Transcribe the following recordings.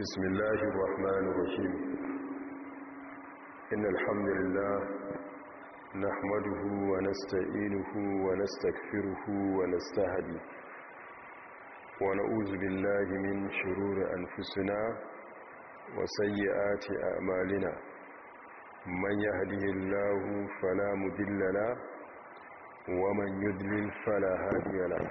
بسم الله الرحمن الرحيم إن الحمد لله نحمده ونستعينه ونستكفره ونستهدي ونعوذ بالله من شرور أنفسنا وسيئات أعمالنا من يهده الله فلا مذل له ومن يذلل فلا هادي له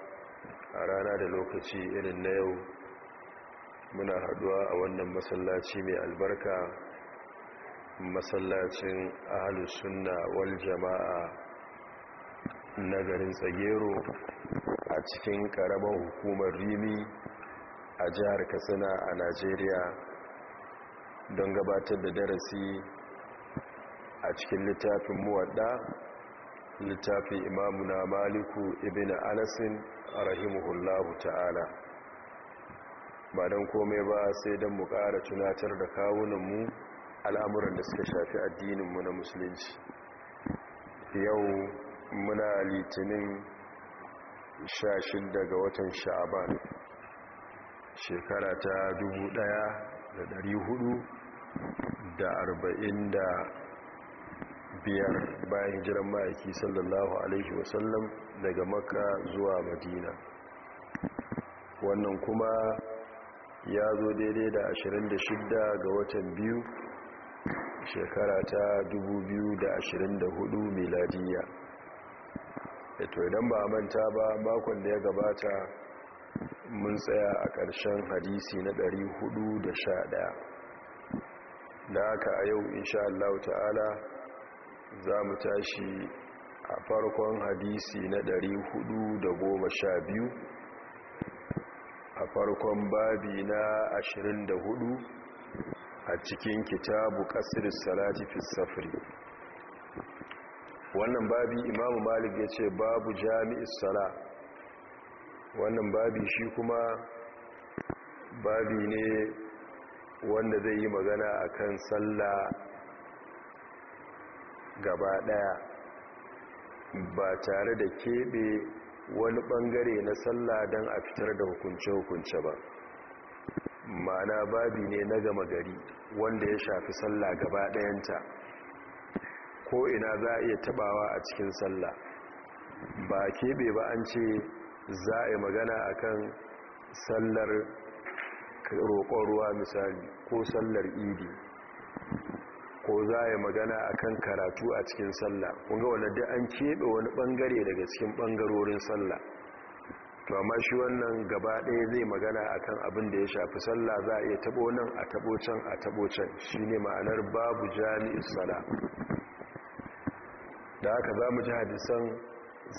a rana da lokaci irin na yau muna haduwa a wannan masallaci mai albarka masallacin ahalus sunna wal jama'a na garin tsagero a cikin karamar hukumar rimi a jihar katsina a najeriya don gabatar da darasi a cikin littafin muwadda littafin na maliku ibn anasin a rahimahullahu ta'ala ba don komai ba sai don mu ƙara tunatar da kawunanmu al'amuran da suka shafi addininmu na musulunci yau muna litinin shashin daga watan sha'aban shekara ta dubu da hudu da arba'in da biyar bayan jiran ma'aiki sallallahu alaihi wasallam daga makka zuwa madina wannan kuma ya zo daidai da 26 ga watan biyu shekara ta 2024 miladiya eto idan ba manta ba makon da ya gabata mun tsaya a ƙarshen hadisi na 411 da aka a yau insha Allah ta'ala za mu tashi a farkon hadisi na 412 a farkon babi na 24 a cikin kitabu kasir salati fi safri wannan babi imamu malik ya ce babu jami'i sala wannan babi shi kuma babi ne wanda zai yi magana akan sallah gaba daya ba tare da keɓe wani ɓangare na sallah don a fitar da hukunce-hukunce ba mana babi ne na gama gari wanda ya shafi sallah gaba dayanta ko ina za a iya tabawa a cikin sallah ba keɓe ba an ce za a yi magana akan sallar roƙon ruwa misali ko sallar idi ko za a yi magana a kan karatu a cikin sallah kunga wanda da an keɓe wani ɓangare daga cikin ɓangarorin sallah to amma shi wannan gaba ɗaya zai magana a kan abin da ya shafi sallah za a iya taɓo nan a taɓo can a taɓo can shi ne ma'anar babu jami'in sala da haka za mu ji hadisan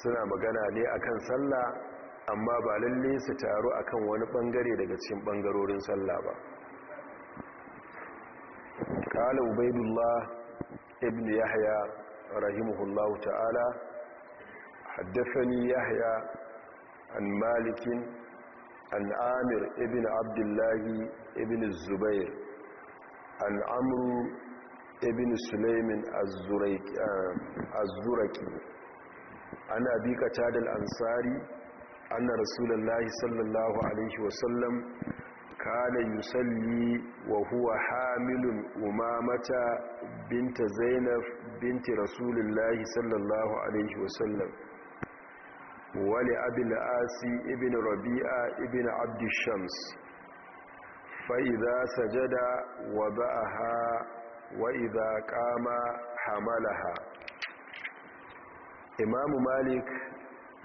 suna magana ne a kan sallah amma ba lalle su taru a kan wani ɓangare daga cikin ɓangarorin sallah ba kala ubaidullah ibn yahya rahimahullahu ta'ala haddafani yahya an malikin an amir ibn abdullahi Ibin zubair an amru ibn sulaimin azuraki ana abi katadal ansari ana rasulullahi sallallahu alaihi kana yusalli wa huwa hamilun umamata binta zainab binti rasulullahi sallallahu alaihi wasallam wali abin asi ibn rabi'a ibn abdishams fa'iza sajada wa ba'aha wa'iza kama hamalaha imamu malik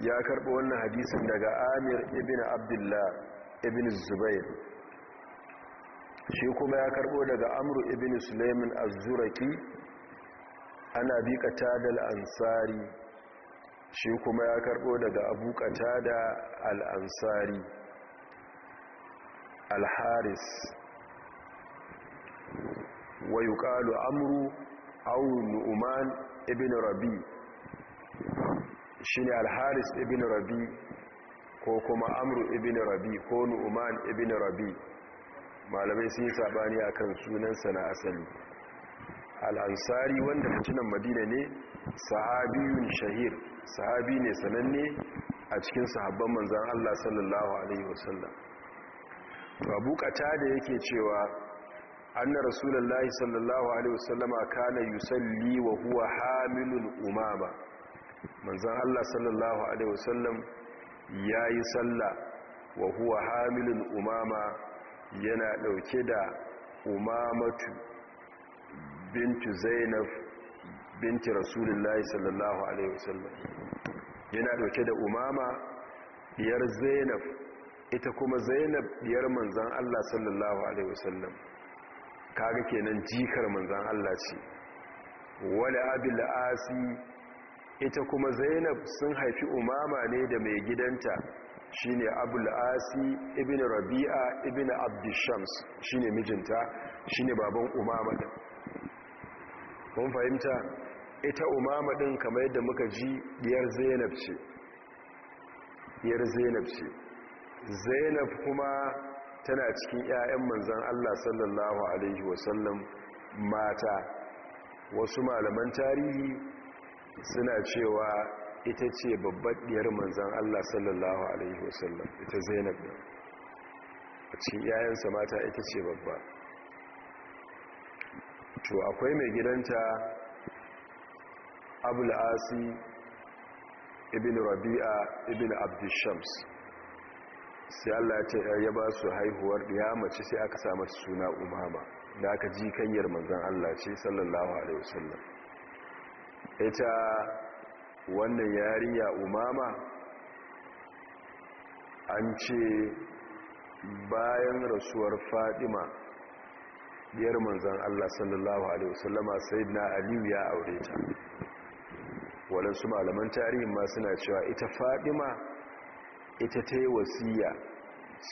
ya karɓi wannan hadisin daga amir ibn abdullah ibn zubair shi kuma ya karbo daga amru ibn sulaimin az ana bi qatada al-ansari shi kuma ya karbo daga abu qatada al-ansari al-haris wa yuqalu amru aw nu'man ibn rabi shine al-haris ibn rabi ko kuma amru ibn rabi ko nu'man ibn rabi malamai sun yi sabani kan sunansa na asali al'ansari wanda mutunan madina ne sahabiyun shahir sahabi ne sananne a cikin sahabban manzan allah sallallahu alaihi wasallam abu kata da yake cewa annar rasulullahi sallallahu alaihi a kanar yusalli wa huwa hamilun umama manzan allah sallallahu alaihi wasallam ya yi sallah wa huwa hamilun umama yana ɗauke da umamatu bintu zainab binti rasulullahi sallallahu alaihi wasallam yana ɗauke da umama biyar zainab ita kuma zainab biyar manzan allah sallallahu alaihi wasallam kaga kenan jikar manzan allah ce wale abin asi ita kuma zainab sun haifi umama ne da mai gidanta shi ne abul'asi ibn rabi'a ibn abdishams shi ne mijinta shi ne baban umama ɗin mun fahimta ita umama ɗin kamar yadda muka ji diyar zainab ce diyar zainab ce zainab kuma tana cikin 'ya'yan manzan allah sallallahu alaihi wasallam mata wasu malaman tarihi suna cewa ita ce babbar ɗiyar manzan Allah sallallahu alaihi wasallam ita zainab ne a cikin yayansa mata ita ce babba to akwai mai gidanta abul asi ibn rabi'a ibn abdishams sai Allah ya ce ya ba su haihuwar ya mace sai aka sa suna umama da aka ji kanyar manzan Allah ce sallallahu alaihi wasallam ita wannan yarinya umama an ce bayan rasuwar fadima biyar manzan Allah sallallahu Alaihi wasallama sai na aliyu ya aure ta waɗansu malaman tarihin ma suna cewa ita fadima ita ta yi wasiya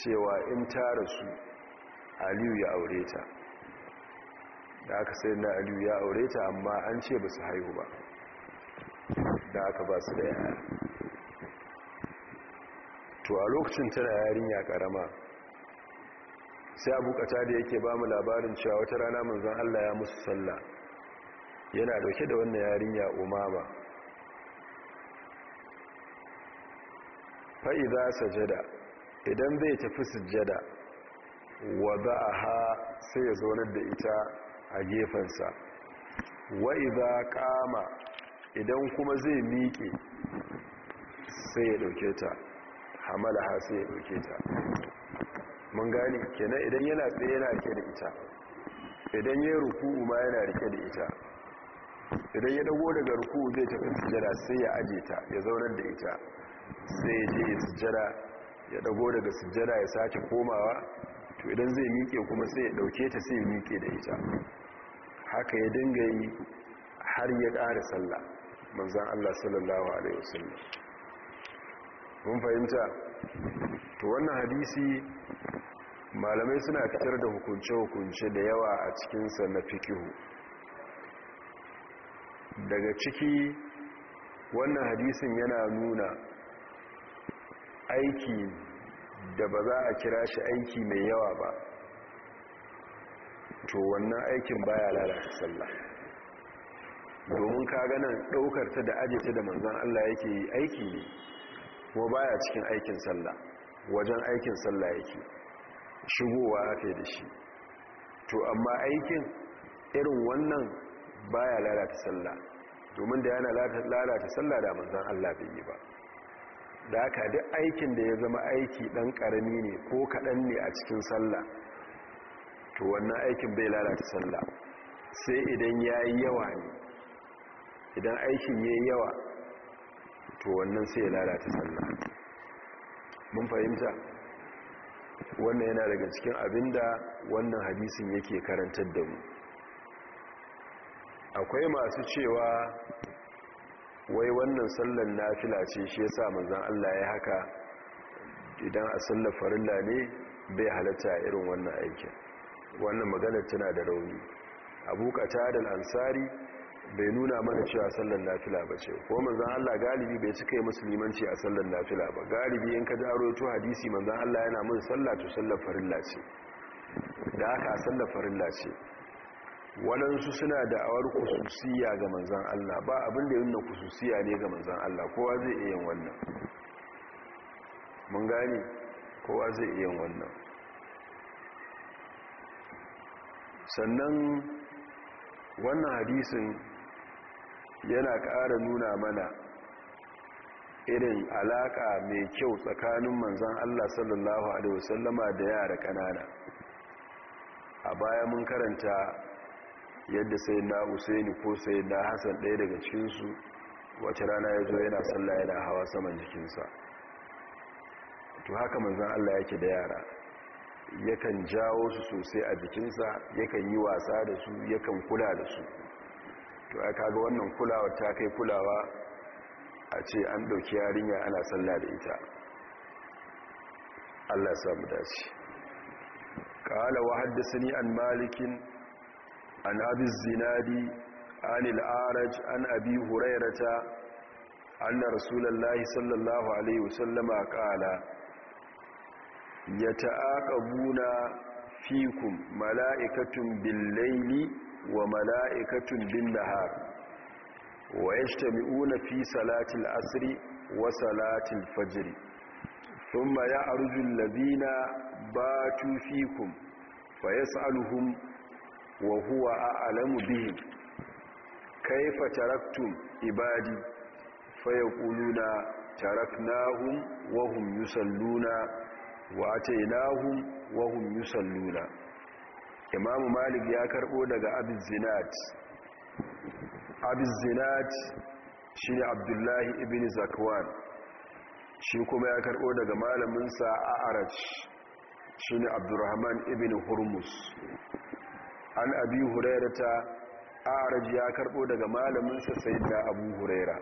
cewa in ta rasu aliyu ya aure ta da aka sai na aliyu ya aure ta amma an ce ba su haihu ba da aka ba su da yaya to a lokacin tana yarinya karama sai abu kata da yake ba mu labarin cewa wata rana manzon Allah ya musu sallah yana dauke da wannan yarinya umama fa'iza sajada idan zai tafi sujjada ha sai ya zaunar da ita a gefensa wa'iza kama idan kuma zai miƙe sai ya ɗauke ta hamala ha sai ya ɗauke ta mun gani kenan idan yana tsaye yana rike da ita idan ya ruku ma yana rike da ita idan ya dago daga ruku zai tafi sujjara sai ya aje ta ya zaunar da ita sai ya je ya sujjara ya dago daga sujjara ya sake komawa to idan zai miƙe kuma sai ya ɗauke ta sai ya miƙe da ita haka ya dinga yi har ya ƙara sallah manzan Allah sallallahu alaihi wasallam mun fahimta to wannan hadisi malamai suna fitar da hukunce-hukunce da yawa a cikinsa na fikihu daga ciki wannan hadisin yana nuna aiki da ba za a kira shi aiki mai yawa ba to wannan aikin baya lalata sallah domin ka ganin ɗaukar ta da ajiyarta ta da manzan Allah yake yi aiki ne kuma baya cikin aikin sallah wajen aikin sallah yake shigowa aka da shi to amma aikin irin wannan baya lalata sallah domin da yana lalata sallah da manzan Allah bai yi ba da haka duk aikin da ya zama aiki ɗan karami ne ko kaɗan ne a cikin sallah to wannan aikin bai lalata sallah sai idan ya yi yawa ne idan aikin ya yi yawa to wannan sai ya lalata sallah mun fahimta wannan yana daga cikin abin da wannan hadisin yake karantar da mu akwai masu cewa wai wannan sallar na ce shi ya yasa manzon Allah ya haka idan a sallar farilla ne bai halatta irin wannan aikin wannan maganar tana da rauni abu ta al-ansari bai nuna mana cewa sallar nafila ba ce ko manzan Allah galibi bai cika yi musulmanci a sallar nafila ba galibi yanka jaro to hadisi manzan Allah yana mun salla to sallar farilla ce da aka sallar farilla ce waɗansu suna da awar kususiya ga manzan Allah ba abin da yin kususiya ne ga manzan Allah kowa zai iya yin wannan mun gane kowa zai iya yin wannan sannan wannan hadisin yana ƙara nuna mana irin alaƙa mai kyau tsakanin manzan Allah sallallahu Alaihi wasallama da yara ƙanana a baya mun karanta yadda sai na usaini ko sai na hassan ɗaya daga cikinsu wace rana ya zo yana sallah yana hawa saman jikinsa to haka manzan Allah yake da yara yakan jawo su sosai a jikinsa yakan yi wasa da su yakan kula da su to ya kaga wannan kulawa ta kai kulawa a ce an ɗauki yarinya ana sallah da ita allah samu dace ƙala wa haddasa an malikin an abin zinadi an al'araj an abi hurairata an da rasulallah sallallahu alaihi wasallama ƙala ya ta'aƙabuna fikum mala'ikatun billaili wa mala'ikatun bin nahar wa mi'una fi salatin asiri wa salatin fajiri. salatil fajr thumma ba alladhina batu fayas fayas'aluhum wa huwa a a'lamu bihim Kaifa taraktun ibadi fayaquluna taraknahum wa hum yusalluna wa atainahum wa yusalluna imamu malik ya karbo daga abizinat abizinat shi ne abdullahi ibn zakwan shi kuma ya karbo daga malaminsa a araj shi ne abdurrahman ibn hurmus an abi huraira ta araj ya karbo daga malaminsa sai da abu huraira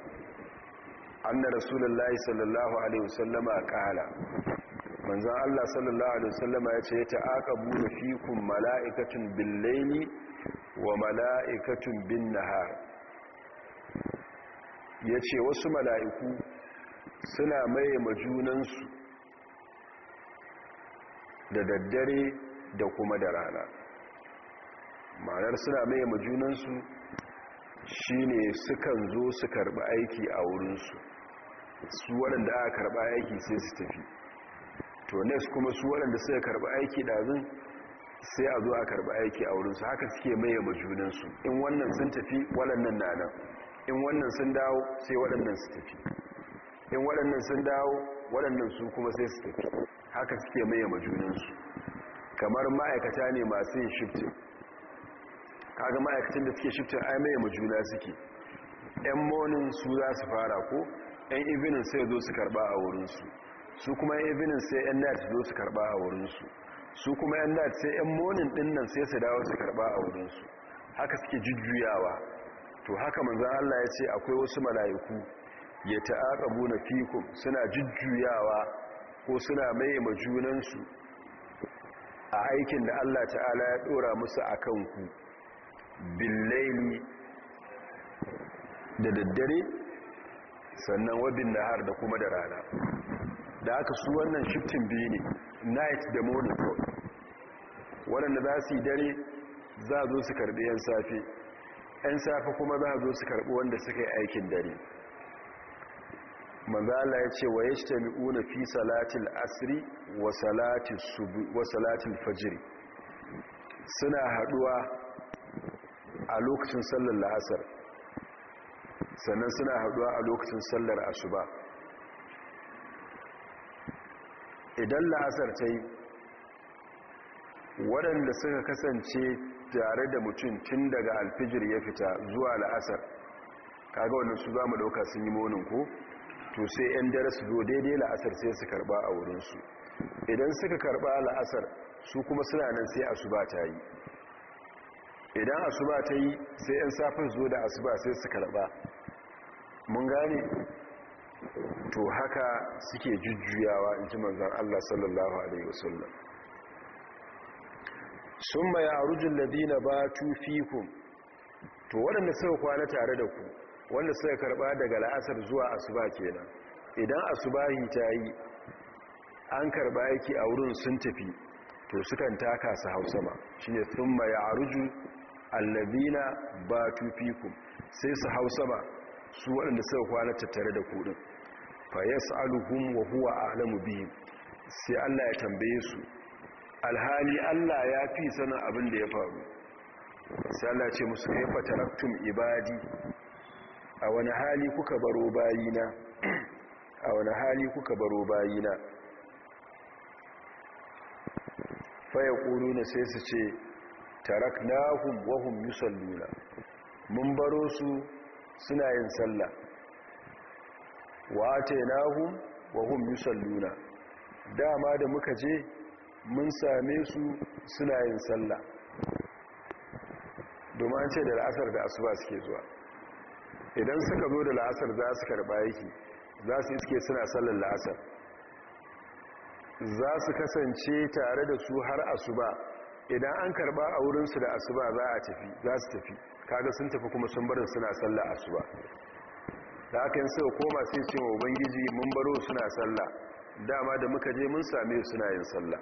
anna rasulullahi sallallahu alaihi wasallama kala manzan Allah sallallahu Alaihi wasallama ya ce ta aka buɗe fikun mala'ikatun bin laili wa mala'ikatun bin nahar ya ce wasu mala'iku suna maye majunansu da daddare da kuma da rana ma'anar suna maye majunansu shi ne sukan zo su karɓi aiki a wurinsu su waɗanda aka karɓa aiki sai su tafi to next kuma su waɗanda suka karɓi aiki ɗazin sai a zo a karɓi aiki a wurinsu haka suke maye majunansu in wannan sun tafi waɗannan na nan in wannan sun dawo sai waɗannan su tafi in waɗannan sun dawo waɗannan su kuma sai su tafi haka suke maye majunansu kamar ma'aikata ne masu yin shiftin kaga ma'aikacin da suke shiftin ai maye majuna suke yan morning su za su fara ko yan evening sai zo su karɓa a wurinsu su kuma evening sai yan night zo su karba a wurinsu su kuma yan night sai yan morning din sai su dawo su karba a wurinsu haka suke jujjuyawa to haka manzan Allah ya ce akwai wasu mala'iku ya ta'aka na fikun suna jujjuyawa ko suna mai majunansu a aikin da Allah ta'ala ya ɗora musu akan ku billaili da daddare sannan wabin har da kuma da rana da aka su wannan shiftin biyu ne night da morning call waɗanda za su yi dare za zo su karɓi 'yan safe 'yan safe kuma za zo su karɓi wanda suka yi aikin dare manzala ya ce wa ya ce mi'una fi salatin asiri wa salatin fajiri suna haɗuwa a lokacin sallar la'asar sannan suna haɗuwa a lokacin sallar asuba idan la'asar ta yi waɗanda suka kasance tare da mutum tun daga alfijir ya fita zuwa la'asar kaga wannan su zama mu ɗauka sun yi monin ko to sai 'yan dare su zo daidai la'asar sai su karɓa a wurinsu idan suka karɓa la'asar su kuma suna nan sai asuba ta yi idan asuba ta yi sai 'yan safin zo da asuba sai su karɓa mun gane to haka suke jujjuyawa in ji manzan Allah sallallahu Alaihi wasallam sun maya a rujin ladina ba tufikun to waɗanda suka kwana tare da ku wanda suka karɓa daga la'asar zuwa asuba kenan idan asubahi ta yi an karɓa yake a wurin sun tafi to sukan taka su hau sama shi ne sun maya a rujin allabina ba tufikun sai su hau sama su waɗanda suka kwana tattare da kuɗin fa yas'aluhum wa a'lamu biyu sai Allah ya tambaye su alhali Allah ya fi sanin abin da ya faru sai Allah ce musu kai fataraktum ibadi a wani hali kuka baro bayina a wani hali kuka baro bayina kuru na sai su ce taraknahum wahun hum nuna. mun baro su suna yin sallah wa atainahum wa hum yusalluna dama da muka je mun same su suna yin sallah domin an ce da la'asar da asuba suke zuwa idan suka zo da la'asar za su karba yake za su iske suna sallar la'asar za su kasance tare da su har asuba idan an karba a wurinsu da asuba za a tafi za su tafi kaga sun tafi kuma sun barin suna sallar asuba da aka yin sai koma sai ce ubangiji mun baro suna sallah dama da muka je mun same suna yin sallah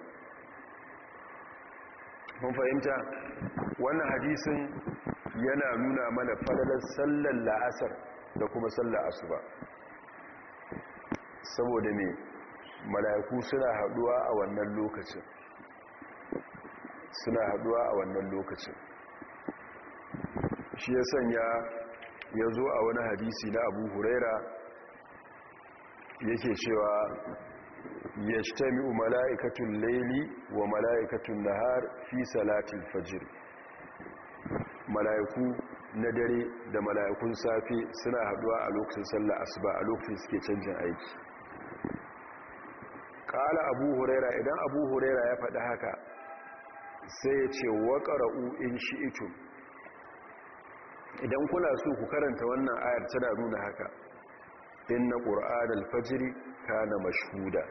mun fahimta wannan hadisin yana nuna mana falalar sallar la'asar da kuma sallar asuba saboda ne mala'iku suna haduwa a wannan lokacin suna haduwa a wannan lokacin shi ya sanya ya zo a wani hadisi na abu huraira yake cewa ya shtami'u mala'ikatun laili wa mala'ikatun nahar fi salatin fajir mala'iku na dare da mala'ikun safe suna haduwa a lokacin sallah asuba a lokacin suke canjin aiki ƙala abu huraira idan abu huraira ya faɗi haka sai ya ce waƙara'u in shi'itum idan kuna so ku karanta wannan ayar tana nuna haka inna qur'an al-fajr kana mashhuda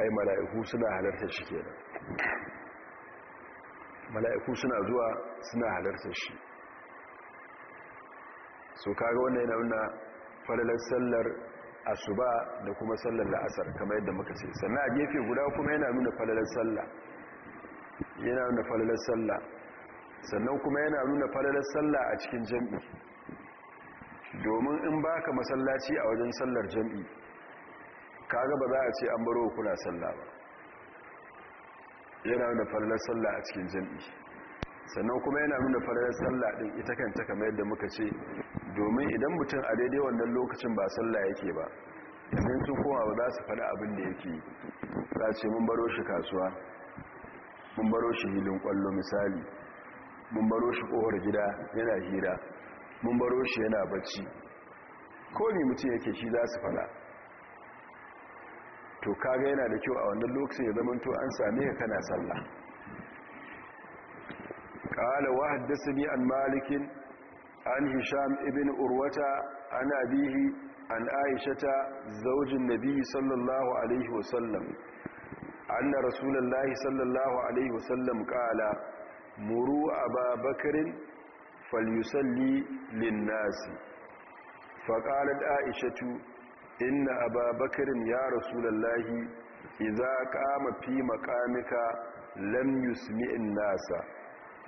ai mala'iku suna halarta shi kenan mala'iku suna zuwa suna halarta shi so kaga wannan yana nuna falalar sallar asuba da kuma sallar la'asar kamar yadda muka ce sannan a gefe guda kuma yana nuna falalar sallah yana nuna falalar sallah sannan kuma yana nuna falalar sallah a cikin jami'i. domin in baka masallaci a wajen sallar jami'i kaga ba za a ce an baro kuna sallah ba yana nuna falalar sallah a cikin jami'i. sannan kuma yana nuna falalar sallah din ita kanta kamar yadda muka ce domin idan mutum a daidai wannan lokacin ba sallah yake ba idan sun koma ba za su faɗi abin da yake za ce mun baro shi kasuwa mun baro shi hilin kwallo misali mun baro shi kohar gida yana hira mun baro shi yana bacci ko ne mutum yake shi za su fada to kaga yana da kyau a wannan lokacin ya zamanto an same ka kana sallah قال وحدثني عن مالك عن هشام ابن Urwata, عن أبيه عن عائشة زوج النبي صلى الله عليه وسلم أن رسول الله صلى الله عليه وسلم قال muru bakarin falusalli linnasi faƙalar aishatu inna bakarin ya rasu za iza kama fi makamika lam mi'in nasa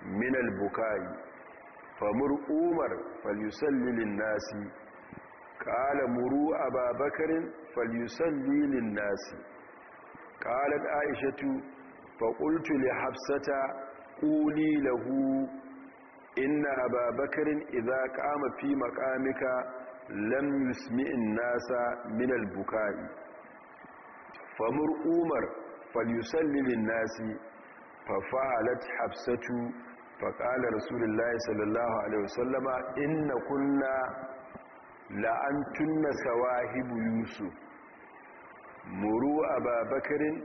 minal bukai famur umar falusalli linnasi ƙala muru bakarin falyusalli linnasi ƙalar aishatu faƙultu li hafsata ƙuli lahu inna ababakarin idza kama makamika lam yusmi'in nasa min al-bukai famur umar falyusalli lin-nasi fa fa'alat hafsatu fa qala rasulullahi sallallahu alaihi wasallama inna kunna la antunna sawahibu yusuf muru ababakarin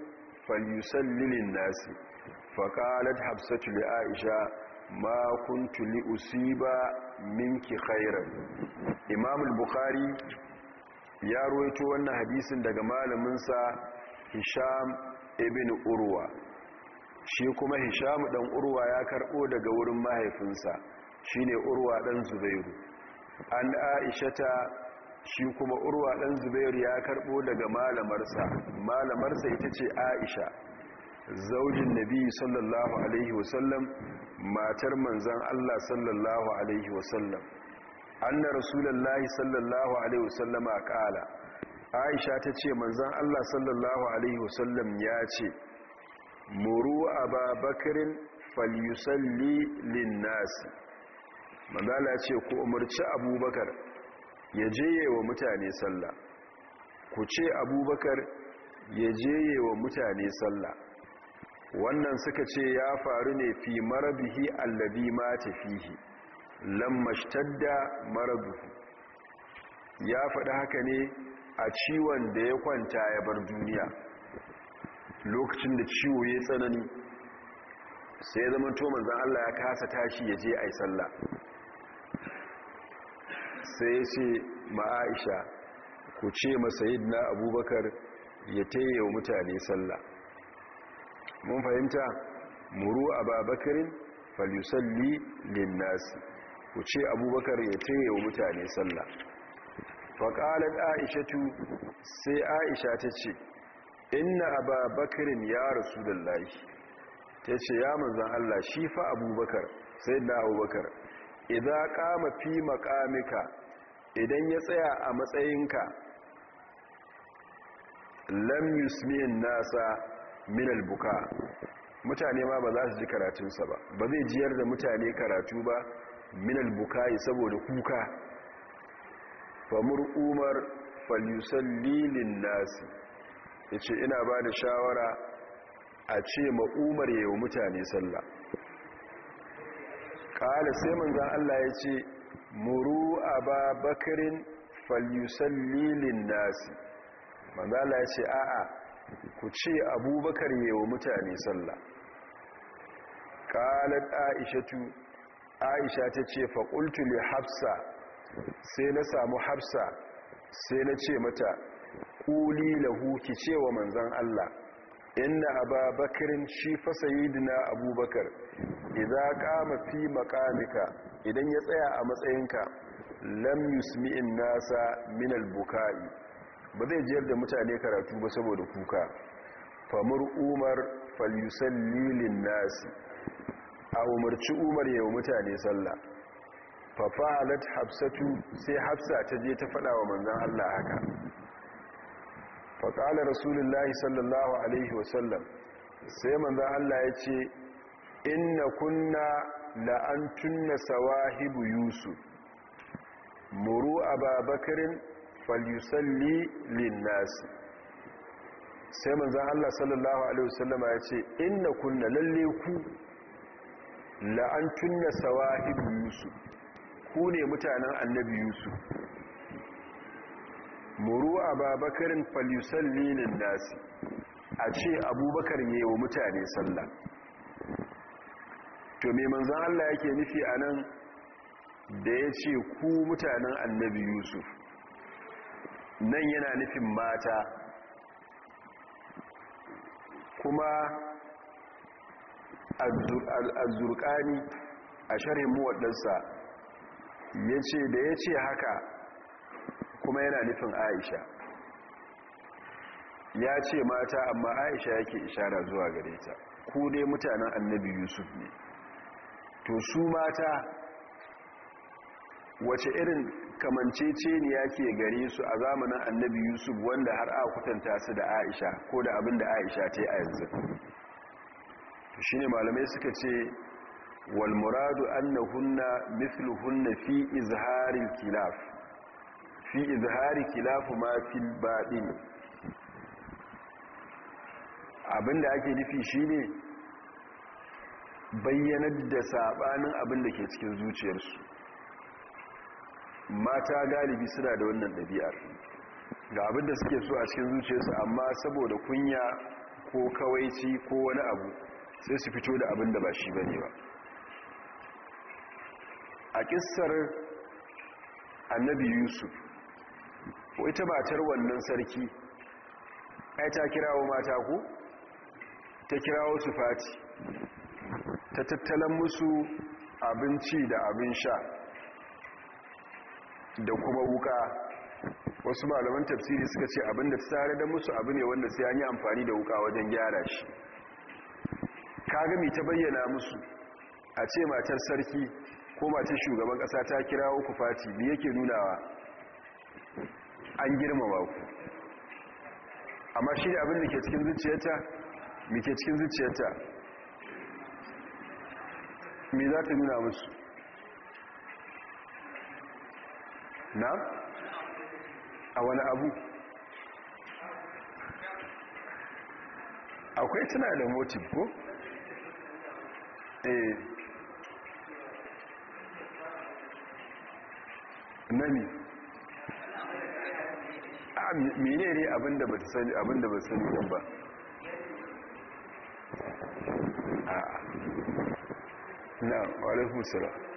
falyusalli lin-nasi فقالت حبسه لعائشه aisha كنت لاصيبا منك usiba minki البخاري bukhari ya ruwaito wannan hadisin daga malamin sa hisham ibn urwa shi kuma hisham dan urwa ya karɓo daga wurin mahaifinsa shine urwa dan zubairu an aishata shi kuma urwa ɗan zubairu ya karɓo daga malamarsa malamarsa ita ce aisha zaujin nabi sallallahu alaihi wasallam matar manzan Allah sallallahu alaihi wasallam anna rasulullahi sallallahu alaihi wasallama kala aisha ta ce manzan Allah sallallahu alaihi wasallam ya ce muru ababakarin falyusalli linnasi manzala ce ku umarci abubakar ya jeye wa mutane sallah ku ce abubakar ya jeye wa mutane sallah wannan suka ce ya faru ne fi marabihi allabi ma tafihi lammashtadda marabihi ya faɗi haka ne a ciwon da ya kwanta ya bar duniya lokacin da ciwo ya tsanani sai zama toman zan Allah ya kasa tashi ya je a yi sallah sai ya ce ma'aisha ku ce masayid na abubakar ya taye wa mutane sallah mun fahimta muru babakarin falisalli linnasi ku ce abubakar ya ce wa mutane sallah faƙalar aishatu sai aisha ta ce inna ababakarin ya rasu da lahi ta ce ya manzan allah shi fa abubakar sai na abubakar idan kama fi makamika idan ya tsaya a matsayinka lam yusmin nasa minal buka mutane ma ba za su ji karatunsa ba ba zai jiyar da mutane karatu ba minal bukai saboda kuka famur umar lilin nasi ya ce ina ba da shawara a ce ma ma'umar yi mutane sallah ƙala sai manzan allah ya ce muru a ba bakarin falusallilin nasi manzan allah ya ce a'a ku ce abubakar yi wa mutane sallah Aisha aishatu aisha ta ce faƙultu ne hafsa sai na samu hafsa sai na ce mata ƙuli lahu ki ce wa manzan Allah inna aba bakirin shi fasa dina abubakar idan kama fi makamika idan ya tsaya a matsayinka lam yusmi'in nasa minal albukai ba zai jiyar da mutane karatu ba saboda kuka famar umar lilin nasi a umarci umar yau mutane sallah alat hafsatu sai hafsa ta je ta fada wa manzan allah haka faƙalar rasulullahi sallallahu alaihi wasallam sai manzan allah ya ce inna kunna la'antunna sawahibu yusuf muru a babakarin falisalli linnasi sai manzan Allah sallallahu Alaihi wasallama ya ce inna kunna lalle ku la'antun na sawahibu yusuf ku ne mutanen annabi yusuf muru ababakarin falisalli linnasi a ce abubakar ne wa mutane sallah to mai manzan Allah yake nufi anan da ya ce ku mutanen annabi yusuf nan yana nufin mata kuma azurkani a sharhin muwaddansa ya ce da ya ce haka kuma yana nufin aisha ya ce mata amma aisha yake ishara zuwa gare ta ku dai mutanen annabi yusuf ne to su mata wace irin kamanceceniya ke gare su a zamanin annabi yusuf wanda har a kutanta su da aisha ko da abin da aisha ta yi a yanzu shi ne malamai suka ce walmuradu annahunna Hunna, fi izharin kilaf fi izharin kilaf ma Baɗi baɗin abin da ake nufi shi ne bayyanar da saɓanin abin da ke cikin zuciyarsu mata galibi suna da wannan ɗabi'ar ga abin da suke so a cikin zuciyarsu amma saboda kunya ko kawaici ko wani abu sai su fito da abin da ba shi bane ba a kissar annabi yusuf ko ita matar wannan sarki ai ta kirawo mata ku? ta kirawo su fati ta tattalan musu abinci da abin sha da kuma wuka wasu malaman tafsiri suka ce abinda tsare da musu abu ne wanda sai an yi amfani da wuka wajen gyara shi Ka gami ta bayyana musu a ce matar sarki ko matar shugaban ƙasa ta kira ku fati me yake nunawa an girmama ku amma shi abin da ke cikin zuciyarta me ke cikin zuciyarta me za ta nuna musu na a wani abu akwai tana da motif ko? eh nani a ah, mene ne abinda ba sani abinda ba sani ba a na walaikun salam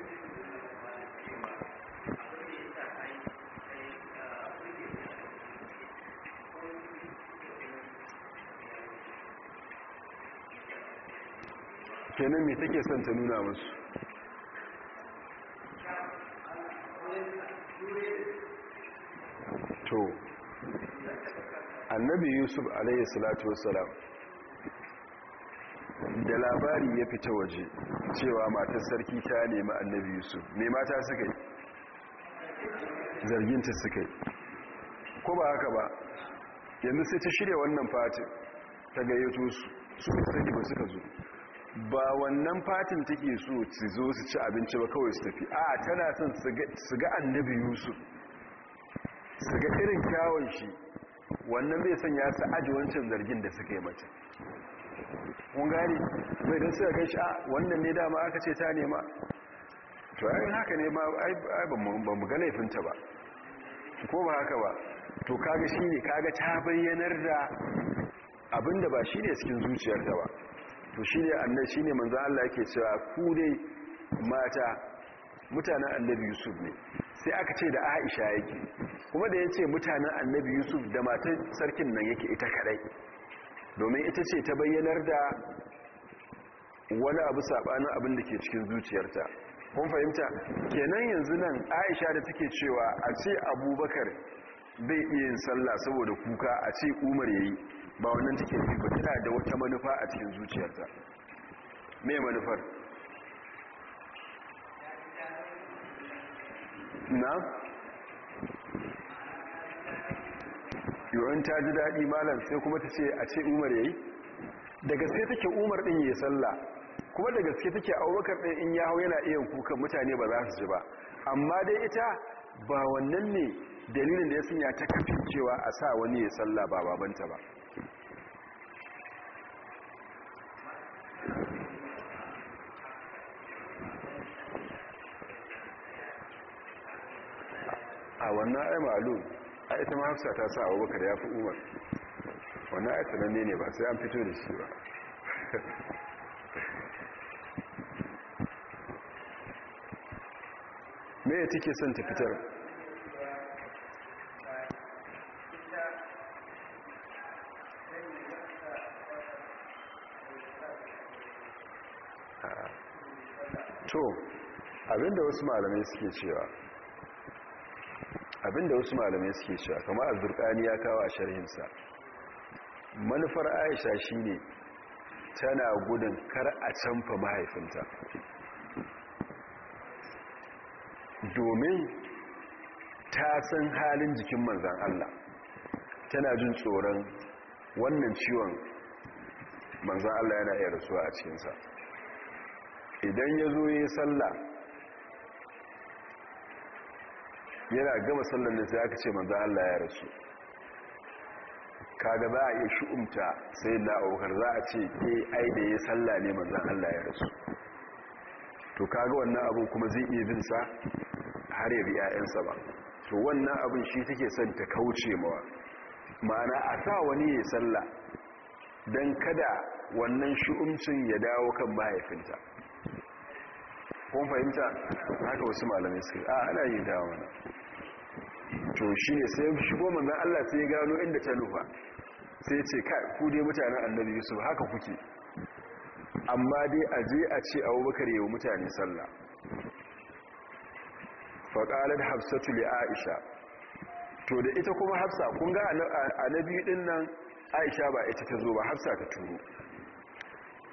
kenan mai take son ta nuna masu? to annabi yusuf alayhi salatu wasalam da labari ya fita waje cewa matar sarki ta nemi annabi yusuf mai mata suka yi zarginta suka yi ko ba haka ba yanzu sai ta shirya wannan fatin ta gayyato su suka sani ba suka zo ba wannan fatin take so su zo su ci abinci ba kawai su tafi a tana son su ga annabi yusuf su ga irin kyawun shi wannan zai sanya su aji wancan zargin da suka yi mace kun gani mai don suka kai shi a wannan ne dama aka ce ta nema to ayin haka ne ma ba mu ga laifinta ba ko ba haka ba to kaga shi ne kaga ta bayyanar da abinda ba shi ne cikin zuciyarta ba to shine annabi ne manzan Allah yake cewa ku dai mata mutanen annabi Yusuf ne sai aka ce da Aisha yake kuma da yace mutanen annabi Yusuf da matan sarkin nan yake ita kadai domin ita ce ta bayyanar da wani abu saɓanin abin da ke cikin zuciyarta kun fahimta kenan yanzu nan Aisha da take cewa a ce Abubakar bai iya yin sallah saboda kuka a ce Umar yayi ba wannan take nufi ba tana da wata manufa a cikin zuciyarta me manufar na yawon ta ji daɗi malam sai kuma ta ce a ce umar ya yi da gaske take umar ɗin ya salla kuma da gaske take abubakar ɗin in yawon yana iya kukan mutane ba za su ji ba amma dai ita ba wannan ne dalilin da ya sanya ta kafin cewa a sa wani ya salla ba babanta ba a wannan ai ma'alum a ita ma hafsa ta sa abubakar ya fi umar wannan ai sananne ne ba sai an fito da shi ba me ya take son ta fitar to abinda wasu malamai suke cewa abinda wasu malamai suke cewa kama azurkani ya kawo a sharhinsa manufar aisha shine tana gudun kar a canfa mahaifinta domin ta san halin jikin manzan Allah tana jin tsoron wannan ciwon manzan Allah yana iya rasuwa a cikinsa idan ya zo ya yi sallah yana gama sallar da sai aka ce manzan Allah ya rasu kaga za a iya shu'umta sai na aukar za a ce ke eh, ai da ya sallah ne manzan Allah ya rasu to kaga wannan abu kuma zai iya bin sa har ya 'ya'yansa ba to wannan abin shi take son ta kauce mawa ma'ana a sa wani ya sallah don kada wannan shu'umcin ya dawo kan mahaifinta kun fahimta haka wasu malamai su a ana yi dawa na. to shi ne sai shigo manzan Allah sai ya gano inda ta nufa sai ce ka ku dai mutanen annabi yusuf haka kuke amma dai a je a ce abubakar yau mutane sallah faƙalar hafsatu li aisha to da ita kuma hafsa kun ga a na biyu ɗin nan aisha ba ita ta zo ba hafsa ta turu.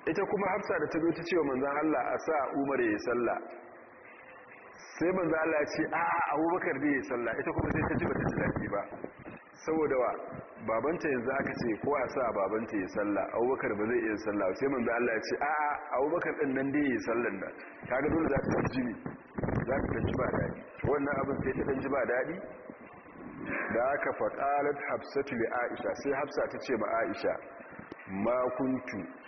ita kuma hafsa da ta zo ta ce wa manzan Allah a sa umar ya yi sallah sai manzan Allah ce a abubakar da ya yi sallah ita kuma sai ta ji bata ji daɗi ba saboda wa babanta yanzu aka ce ko a sa babanta ya yi sallah abubakar ba zai iya sallah sai manzan Allah ce a abubakar ɗin nan dai ya yi sallan ta ga dole za ta ji ne za ta ji ba daɗi wannan abin sai ta ɗan ji ba daɗi da aka faƙalar hafsatu li aisha sai hafsa ta ce ma aisha ma kuntu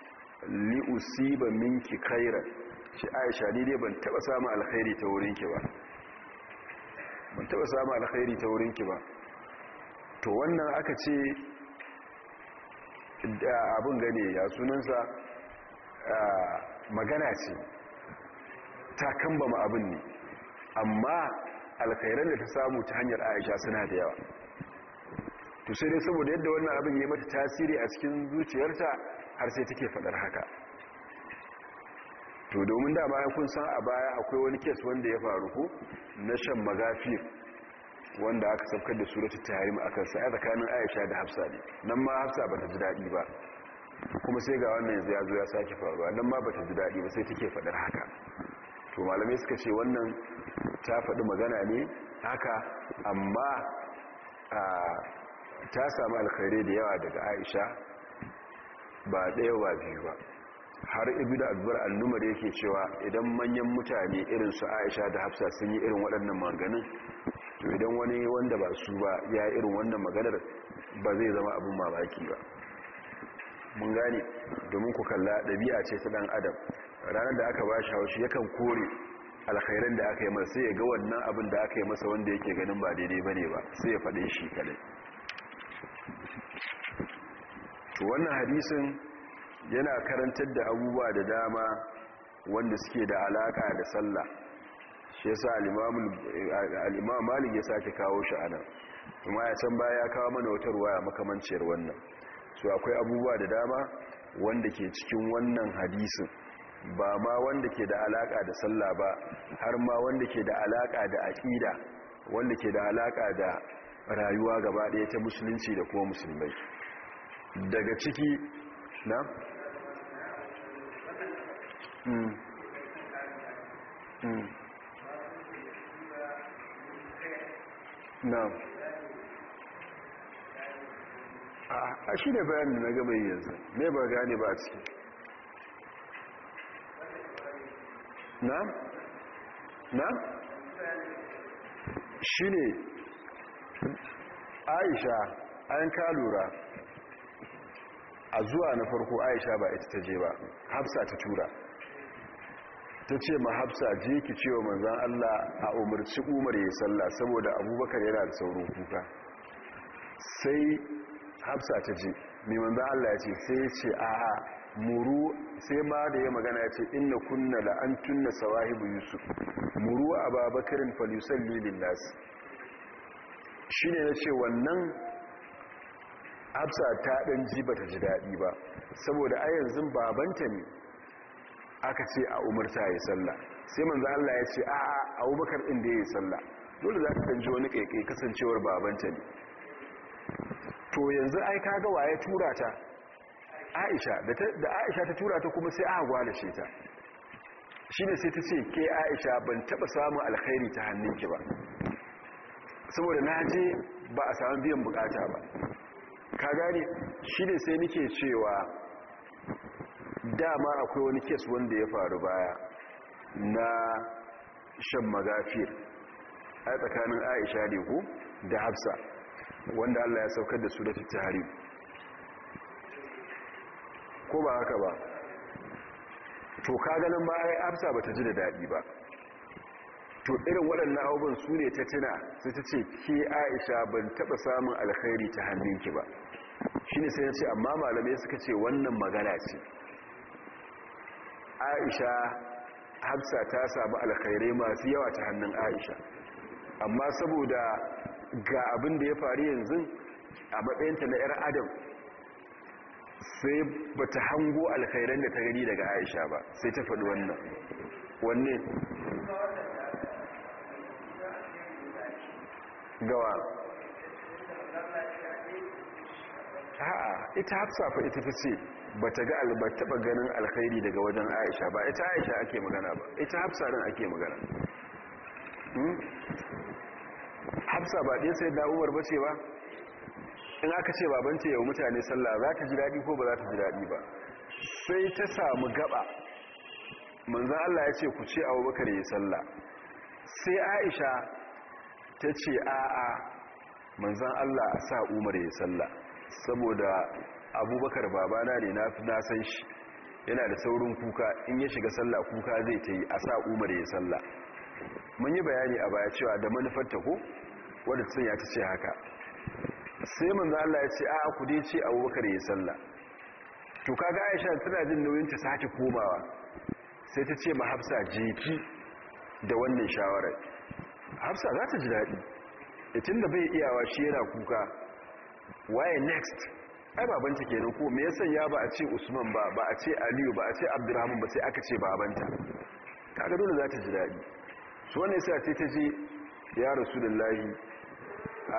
li'usiba minki khairan shi aisha ne dai ban taba samu alkhairi ta wurin ki ba ban taba samu alkhairi ta wurin ki ba to wannan aka ce abin gane ya sunansa magana ce ta kambama abin ne amma alkhairan da ta samu ta hanyar aisha suna da yawa to sai dai saboda yadda wannan abin ya mata tasiri a cikin zuciyarta har sai take faɗar haka to domin da baya kun san a baya akwai wani kes wanda ya faru ko na shan magafi wanda aka sabkar da suratul tahrim akan sa tsakanin Aisha da Hafsa ne nan ma Hafsa bata ji dadi ba kuma sai ga wannan yanzu ya zo ya sake faruwa nan ma bata ji dadi ba sai take fadar haka to malamai suka ce wannan ta faɗi magana ne haka amma ta samu alkhairi da yawa daga Aisha ba ɗaya ba biyu ba har ibi da abubuwar annumar yake cewa idan manyan mutane irin su aisha da hafsa sun yi irin waɗannan maganin to idan wani wanda ba su ba ya irin wannan maganar ba zai zama abin mamaki ba mun gane domin ku kalla ɗabi'a ce su ɗan adam ranar da aka ba shi haushi yakan kore alkhairan da aka yi masa sai ya ga wannan abin da aka yi masa wanda yake ganin ba daidai ba ne ba sai ya faɗe shi kadai to wannan hadisin yana karantar da abubuwa da dama wanda suke da alaka da sallah shi yasa al-imam malik ya sake kawo shi anan kuma ya san baya ya kawo mana wata ruwaya makamanciyar wannan so akwai abubuwa da dama wanda ke cikin wannan hadisin ba ma wanda ke da alaka da sallah ba har ma wanda ke da alaka da aqida wanda ke da alaka da rayuwa gaba ɗaya ta musulunci da kuma musulmai daga ciki na hmm. Hmm. na a ah, ah, shi ne bayan na gaba yanzu ne ba gane ba ciki na na shi ne aisha an kalura. a zuwa na farko aisha ba ita ta je ba hafsa ta tura ta ce ma hafsa je ki cewa manzan allah a umarci umar ya sallah saboda abubakar yana da saurin kuka sai hafsa ta je mai manzan allah ya ce sai ya ce a'a muru sai ma da ya magana ya ce inna kunna sawahi sawahibu yusuf muru a babakarin falusan lilin nasi shi ne na ce wannan hafsa ta ɗan ji ba ta ji daɗi ba saboda a yanzu babanta ne aka ce a umarta ya salla, sai manzan Allah ya ce a a abubakar ɗin da ya yi salla, dole za ta ɗanji wani ƙaiƙai kasancewar babanta ne to yanzu ai ka gawa ya tura ta aisha da aisha ta tura ta kuma sai aka shi ta shi ne sai ta ce ke aisha ban taɓa samun alkhairi ta hannunki ba saboda na je ba a samun biyan bukata ba ka gane shi ne sai nike cewa dama akwai wani kes wanda ya faru baya na shan magafir a tsakanin aisha ne ku da hafsa wanda allah ya saukar da su da fitahari ko ba haka ba to ka ganin ba ai hafsa ba ta ji da daɗi ba to irin waɗannan abubuwan su ne ta tuna sai ta ce ke aisha ban taɓa samun alkhairi ta hannunki ba shi ne sai ya ce amma malamai suka ce wannan magana ce aisha hafsa ta samu alkhairai masu yawa ta hannun aisha amma saboda ga abin da ya faru yanzu a matsayinta na 'yar adam sai ba ta hango alkhairan da ta gani daga aisha ba sai ta faɗi wannan Wannan. gawa a'a ita hafsa fa ita tace bata ga albatta ba ganin alkhairi daga wajen Aisha ba ita Aisha ake magana ba ita hafsa din ake magana hmm? hafsa ba din sai da Umar bace ba in aka ce babance yau mutane sallah za ta ji daɗi ko ba za ta ji daɗi ba sai ta samu gaba manzon Allah ya ce ku ce Abubakar ya sallah sai Aisha ta ce a'a manzon Allah sa Umar ya sallah saboda abubakar babana ne na san shi yana da saurin kuka in ya shiga sallah kuka zai ta yi a sa umar ya sallah mun yi bayani a baya cewa da manufarta ko wadda sun ya ta ce haka sai za Allah ya ce a ku dai ce abubakar ya sallah to kaga Aisha tana jin nauyin ta sake komawa sai ta ce ma Hafsa jiki da wannan shawarar Hafsa za ta ji daɗi itin e, da bai iyawa shi yana kuka waye next ai babanta kenan ko me yasa ya ba a ce usman ba ba a ce aliyu ba a ce abdurrahman ba sai aka ce babanta kaga dole za ta ji daɗi su wannan yasa sai ta ji ya rasulullahi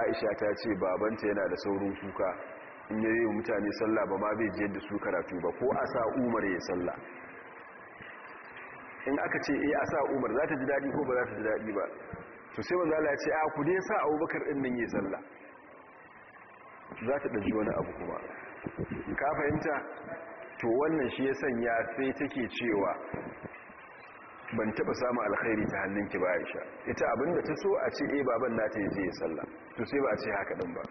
aisha ta ce babanta yana da saurin kuka in ya mutane sallah ba ma bai ji yadda su karatu ba ko a sa umar ya sallah in aka ce eh a sa umar za ta ji daɗi ko ba za ta ji daɗi ba to sai manzo Allah ya ce a ku dai sa abubakar din nan ya sallah za ta ɗaji wani abu kuma ka fahimta to wannan shi ya sanya sai take cewa ban taba samun alkhairi ta hannunki ba sha. ita abinda ta so a ce eh baban na ta yaje ya sallah to sai ba a ce haka ɗin ba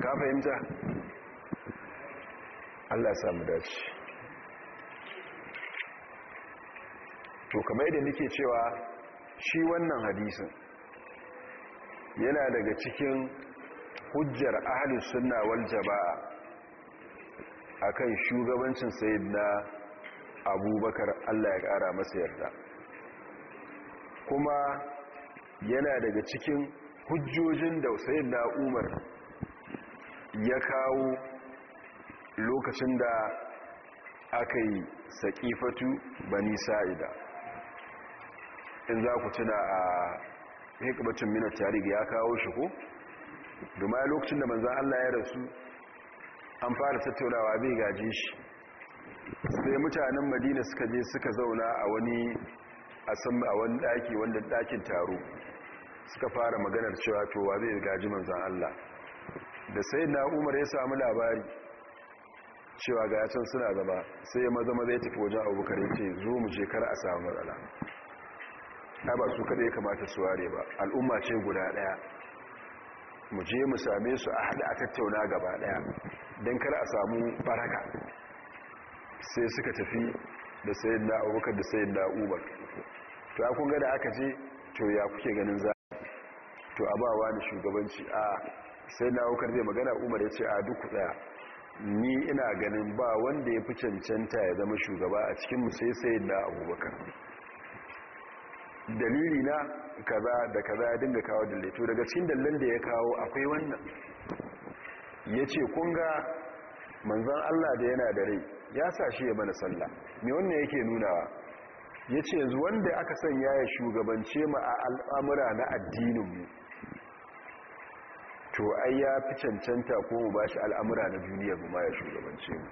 ka fahimta Allah samu dace to kamar yadda nake cewa shi wannan hadisin yana daga cikin hujjar ahalus sunna wal jama'a akan shugabancin na abubakar Allah ya kara masa yarda kuma yana daga cikin hujjojin da na umar ya kawo lokacin da aka yi saƙifatu bani sa'ida in za ku tuna a hikmatin minar tarihi ya kawo shi ko domin a lokacin da manzan Allah ya rasu an fara tattaunawa bai gaji shi sai mutanen madina suka je suka zauna a wani a wani daki wanda dakin taro suka fara maganar cewa to wa gaji manzan Allah da sai na umar ya samu labari cewa ga suna zama sai ya maza maza ya tafi wajen abubakar ya ce zo mu shekara a samun matsala ba su kaɗai kamata su ware ba al'umma ce guda ɗaya mu je mu same su a hada a tattauna gaba ɗaya don kar a samu baraka sai suka tafi da sayin da da sayin na'ubar to ya kunga da aka je to ya kuke ganin za to a ba wani shugabanci a sai na'ubukan zai magana umar ya ce a duk ɗaya ni ina ganin ba wanda ya fi cancanta ya zama shugaba a cikinmu sai sayin na'ubukan. dalili na kaza da kaza ya dinga kawo dalilai to daga cikin dalilan da ya kawo akwai wannan ya ce kunga manzan Allah da yana da rai ya sa shi ya mana sallah me wannan yake nunawa ya ce yanzu wanda aka sanya ya shugabance mu a al'amura na addininmu to ai ya fi cancanta ko mu ba shi al'amura na duniya mu ma ya shugabance mu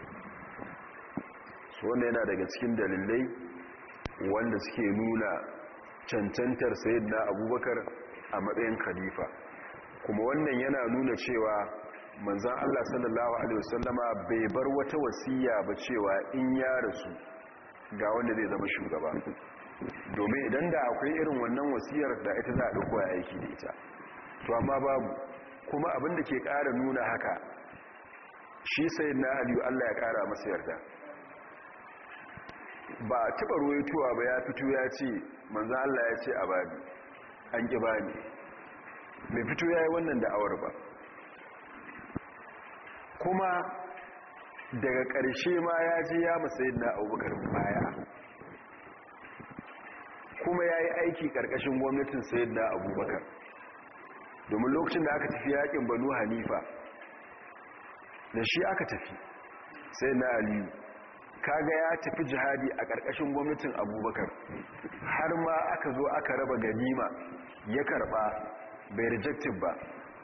so wannan yana daga cikin dalilai wanda suke nuna cancantar sayyidina abubakar a matsayin khalifa kuma wannan yana nuna cewa manzan Allah sallallahu Alaihi wasallama bai bar wata wasiya ba cewa in ya rasu ga wanda zai zama shugaba domin idan da akwai irin wannan wasiyar da ita za a ɗauko a aiki da ita to amma babu kuma abin da ke ƙara nuna haka shi sai na aliyu Allah ya ƙara masa yarda ba a taɓa ruwaituwa ba ya fito ya ce manzan Allah ya ce a bani an ƙi bani bai fito ya yi wannan da'awar ba kuma daga ƙarshe ma ya ce ya masayin na abubakar baya kuma ya yi aiki ƙarƙashin gwamnatin sayin na abubakar domin lokacin da aka tafi yaƙin banu hanifa da shi aka tafi sai na aliyu kaga ya tafi jihadi a ƙarƙashin gwamnatin abubakar har ma aka zo aka raba ganima ya karɓa bai rejected ba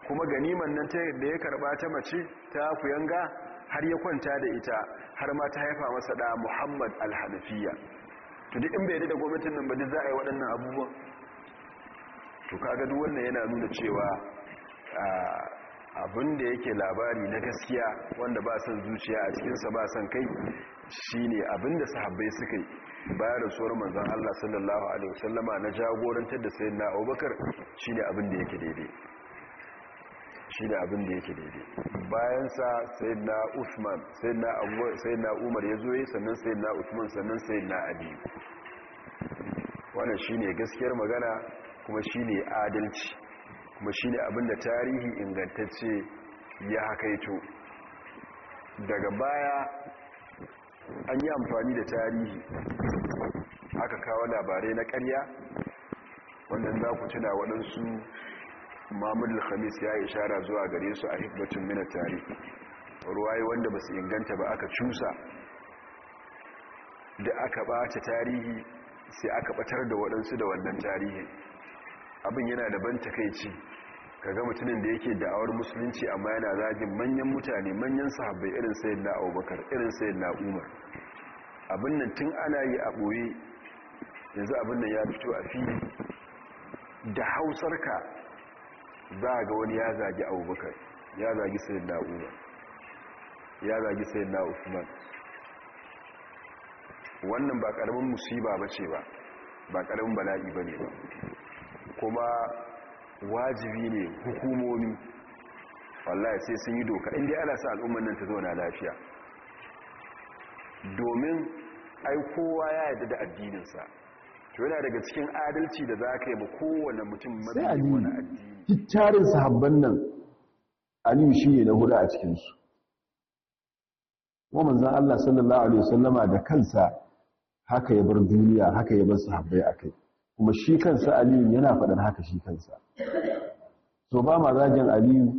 kuma ganiman nan da ya karɓa ta mace ta yanga har ya kwanta da ita har ma ta haifa masa da muhammad alhanafiya to duk in bai da gwamnatin nan ba duk za a yi waɗannan abubuwan to kaga duk wannan yana nuna cewa abin da yake labari na gaskiya wanda ba son zuciya a cikinsa ba son kai Shi ne abinda sahabbai suka yi bayan rasuwar manzan Allah sallallahu alaihi wasallama na jagorantar da sayyidina Abubakar shi abinda yake daidai abinda yake daidai bayan sa sayan Uthman sayyidina Abu sayyidina Umar yi sannan sayyidina Usman, sannan sayyidina Ali wannan ne gaskiyar magana kuma shi ne adalci kuma shi ne abinda tarihi ingantacce ya hakaito daga baya an yi amfani da tarihi aka kawo labarai na karya Wannan za ku tuna waɗansu mamud khamis ya ishara zuwa gare su a hibbatun mina tarihi ruwaye wanda ba su inganta ba aka cusa da aka ɓace tarihi sai aka ɓatar da waɗansu da wannan tarihi. abin yana da ban takaici Ka ga mutumin da yake da'awar musulunci amma yana zagin manyan mutane manyan sahabbai irin sayin na abubakar irin sayin na umar abin nan tun ana yi a ɓoye yanzu abin nan ya fito a fili da hausarka za ga wani ya zagi abubakar ya zagi sayin na umar ya zagi sayin na usman wannan ba ƙaramin musiba ba ce ba ba ƙaramin bala'i ba ne ba kuma wajibi ne hukumomi wallahi sai sun yi doka inda ana sa al'ummar nan ta zo na lafiya domin ai kowa ya yarda da addininsa to yana daga cikin adalci da za ka yi ma kowane mutum mabiyin wani addini cikin sahabban nan aliyu shi ne na hudu a cikinsu kuma manzan Allah sallallahu Alaihi wasallama da kansa haka yabar duniya haka ya bar sahabbai a kai kuma shi kansa aliyu yana faɗin haka shi kansa so ba ma zagin aliyu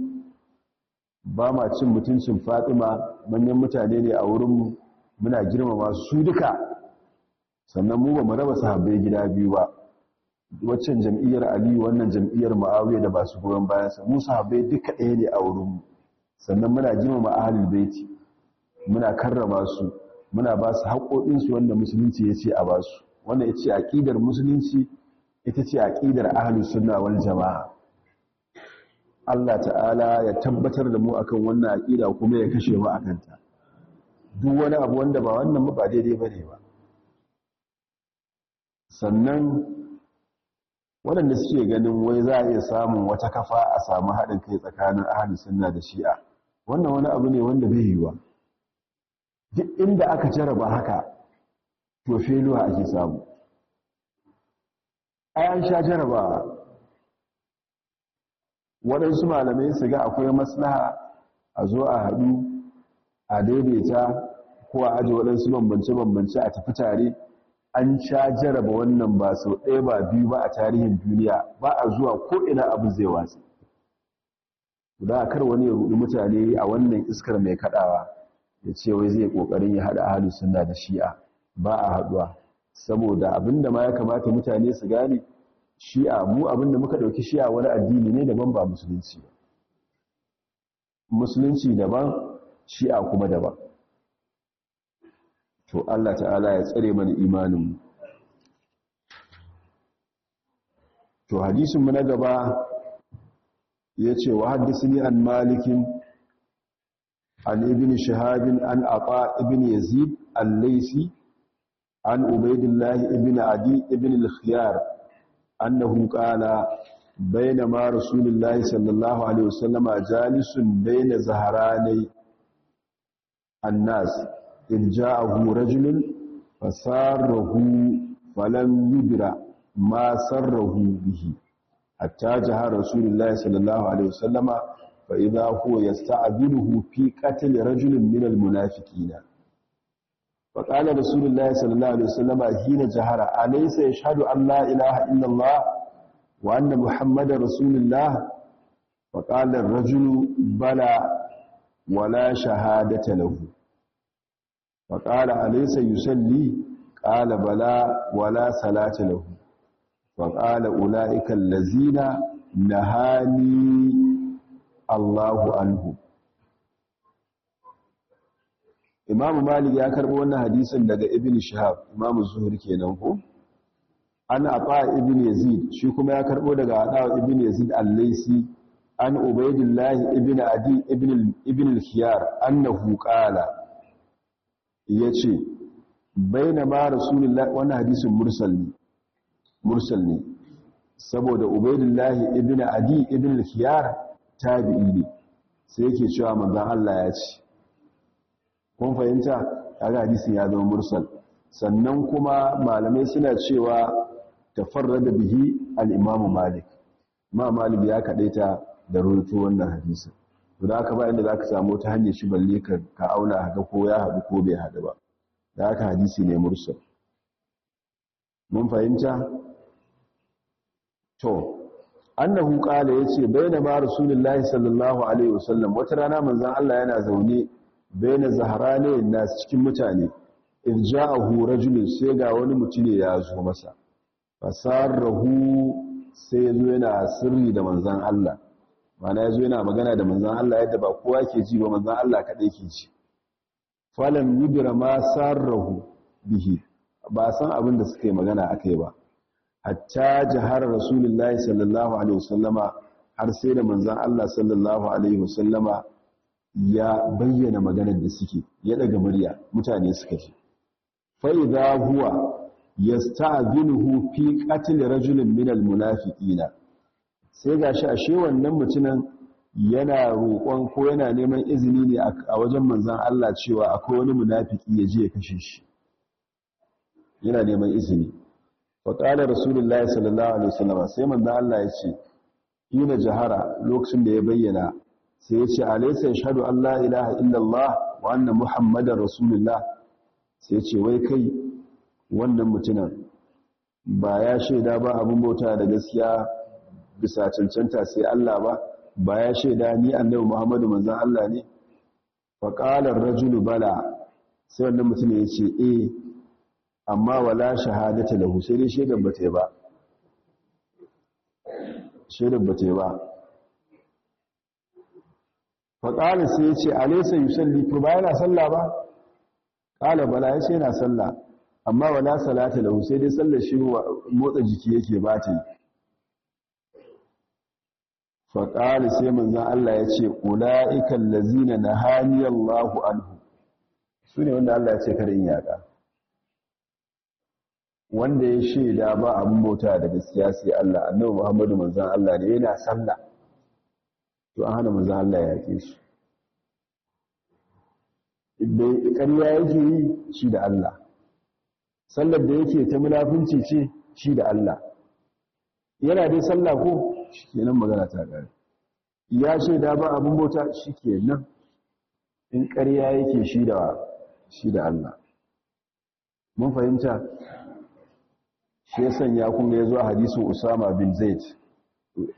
ba ma cin mutuncin fatima manyan mutane ne a wurinmu muna girmama su duka sannan mu ba mu raba sahabbai gida biyu ba waccan jam'iyyar aliyu wannan jam'iyyar ma'awiya da ba su goyon bayansa mu sahabbai duka ɗaya ne a wurinmu sannan muna girmama ahalul baiti muna karrama su muna ba su haƙoƙinsu wanda musulunci ya ce a ba su wannan ya ce aƙidar musulunci ita ce aƙidar ahalus sunna wal jama'a Allah ta'ala ya tabbatar da mu akan wannan aƙida kuma ya kashe mu akan ta duk wani abu wanda ba wannan ba daidai ba ne ba sannan waɗanda suke ganin wai za a iya samun wata kafa a samu haɗin kai tsakanin ahalus sunna da shi'a wannan wani abu ne wanda bai wa duk inda aka jaraba haka to feluwa ake samu ayan sha jaraba waɗansu malamai su ga akwai maslaha a zo a haɗu a daidaita ko a aji waɗansu bambance-bambance a tafi tare an sha jaraba wannan ba sau ɗaya ba biyu ba a tarihin duniya ba a zuwa ina abu zai Guda a kar wani ya rudu mutane a wannan iskar mai kaɗawa da cewa zai ƙoƙarin ya haɗa hali sunna da shi'a ba a haduwa saboda abinda ma ya kamata mutane su gane shi'a mu abinda muka dauki shi'a wani addini ne daban ba musulunci ba musulunci daban shi'a kuma daban to Allah ta'ala ya tsare mana imanin mu to hadisin mu na gaba yace wa haddathani an malikin an ibn shihab an ata ibn yazid al-laysi عن عبيد الله ابن عدي ابن الخيار أنه قال بينما رسول الله صلى الله عليه وسلم جالس بين زهراني الناس إذ جاءه رجل فساره فلم يدرى ما سره به حتى جاء رسول الله صلى الله عليه وسلم فإذا هو يستعذله في قتل رجل من المنافقين wa qala sallallahu alaihi wasallam hina jahara alaysa yashhadu an la ilaha illa allah wa anna muhammadar rasulullah wa qala rajulu bala wala shahadata lahu wa qala alaysa yusalli qala bala wala salata lahu wa qala ulaika allazina nahani allahu anhu imam malik ya karbo wannan hadisin daga ibn shihab imam zuhri kenan ko an afa ibn yazid shi kuma ya karbo daga adawa ibn yazid al-laisi an ubaydillah ibn adi ibn ibn al-khiyar annahu qala yace ma rasulullah wannan hadisin mursal ne mursal ne saboda ubaydillah ibn adi ibn al-khiyar tabi'i ne sai yake cewa manzon Allah ya ce kun fahimta kaga hadisin ya zama mursal sannan kuma malamai suna cewa tafarrada bihi al-imamu malik ma malik ya ta da ruwaito wannan hadisin to da haka ba inda zaka samu ta hanyar shi balle ka ka auna haka ko ya hadu ko bai hadu ba da haka hadisi ne mursal mun fahimta to annahu qala yace bainama rasulullahi sallallahu alaihi wasallam wata rana manzon Allah yana zaune baina zahrani nas cikin mutane in ja'ahu rajulun sai ga wani mutum ya zo masa fasarrahu sai zo yana sirri da manzon Allah mana zo yana magana da manzon Allah yadda ba kowa ke ji ba manzon Allah kadai ke ji falam yudra ma sarrahu bihi ba san abin da suka yi magana akai ba hatta jahar rasulullahi sallallahu alaihi wasallama har sai da manzon Allah sallallahu alaihi wasallama ya bayyana maganar da suke ya daga murya mutane suka ji fa idza huwa yasta'dhinuhu fi qatl rajulin min almunafiqina sai gashi ashe wannan mutumin yana roƙon ko yana neman izini ne a wajen manzon Allah cewa akwai wani munafiki ya je ya kashe shi yana neman izini fa qala rasulullahi sallallahu alaihi wasallam sai manzon Allah ya ce ina jahara lokacin da ya bayyana sai ya ce alaysa yashhadu an Allah, ilaha illallah wa annan muhammadar rasulullah sai ce wai kai wannan mutunan. ba ya shaida ba abin bauta da gaskiya bisa cancanta sai Allah ba ba ya shaida ni annabi muhammadu manzan Allah ne faƙalar rajulu bala sai wannan mutum ya ce e amma wala shahadata lahu sai dai shaidan ba ta ba shaidan ba ta ba faƙala sai ya ce alaisa yusalli to ba yana sallah ba ƙala bala ya ce yana sallah amma wala salata da sai dai sallar shi motsa jiki yake ba ta yi faƙali sai manzan Allah ya ce ula'ikan lazina na haniyar lahu alhu, su ne wanda Allah ya ce karin yaƙa wanda ya shaida ba abin bauta da gaskiya sai Allah annabi Muhammadu manzan Allah ne yana sallah to a hana maza Allah ya ke su idan ƙarya yake yi shi da Allah sallar da yake ta munafunci ce shi da Allah yana dai sallah ko nan magana ta ƙare ya da ba abin bauta nan in ƙarya yake shi da shi da Allah mun fahimta shi ya sanya ya ga yazo hadisun Usama bin Zaid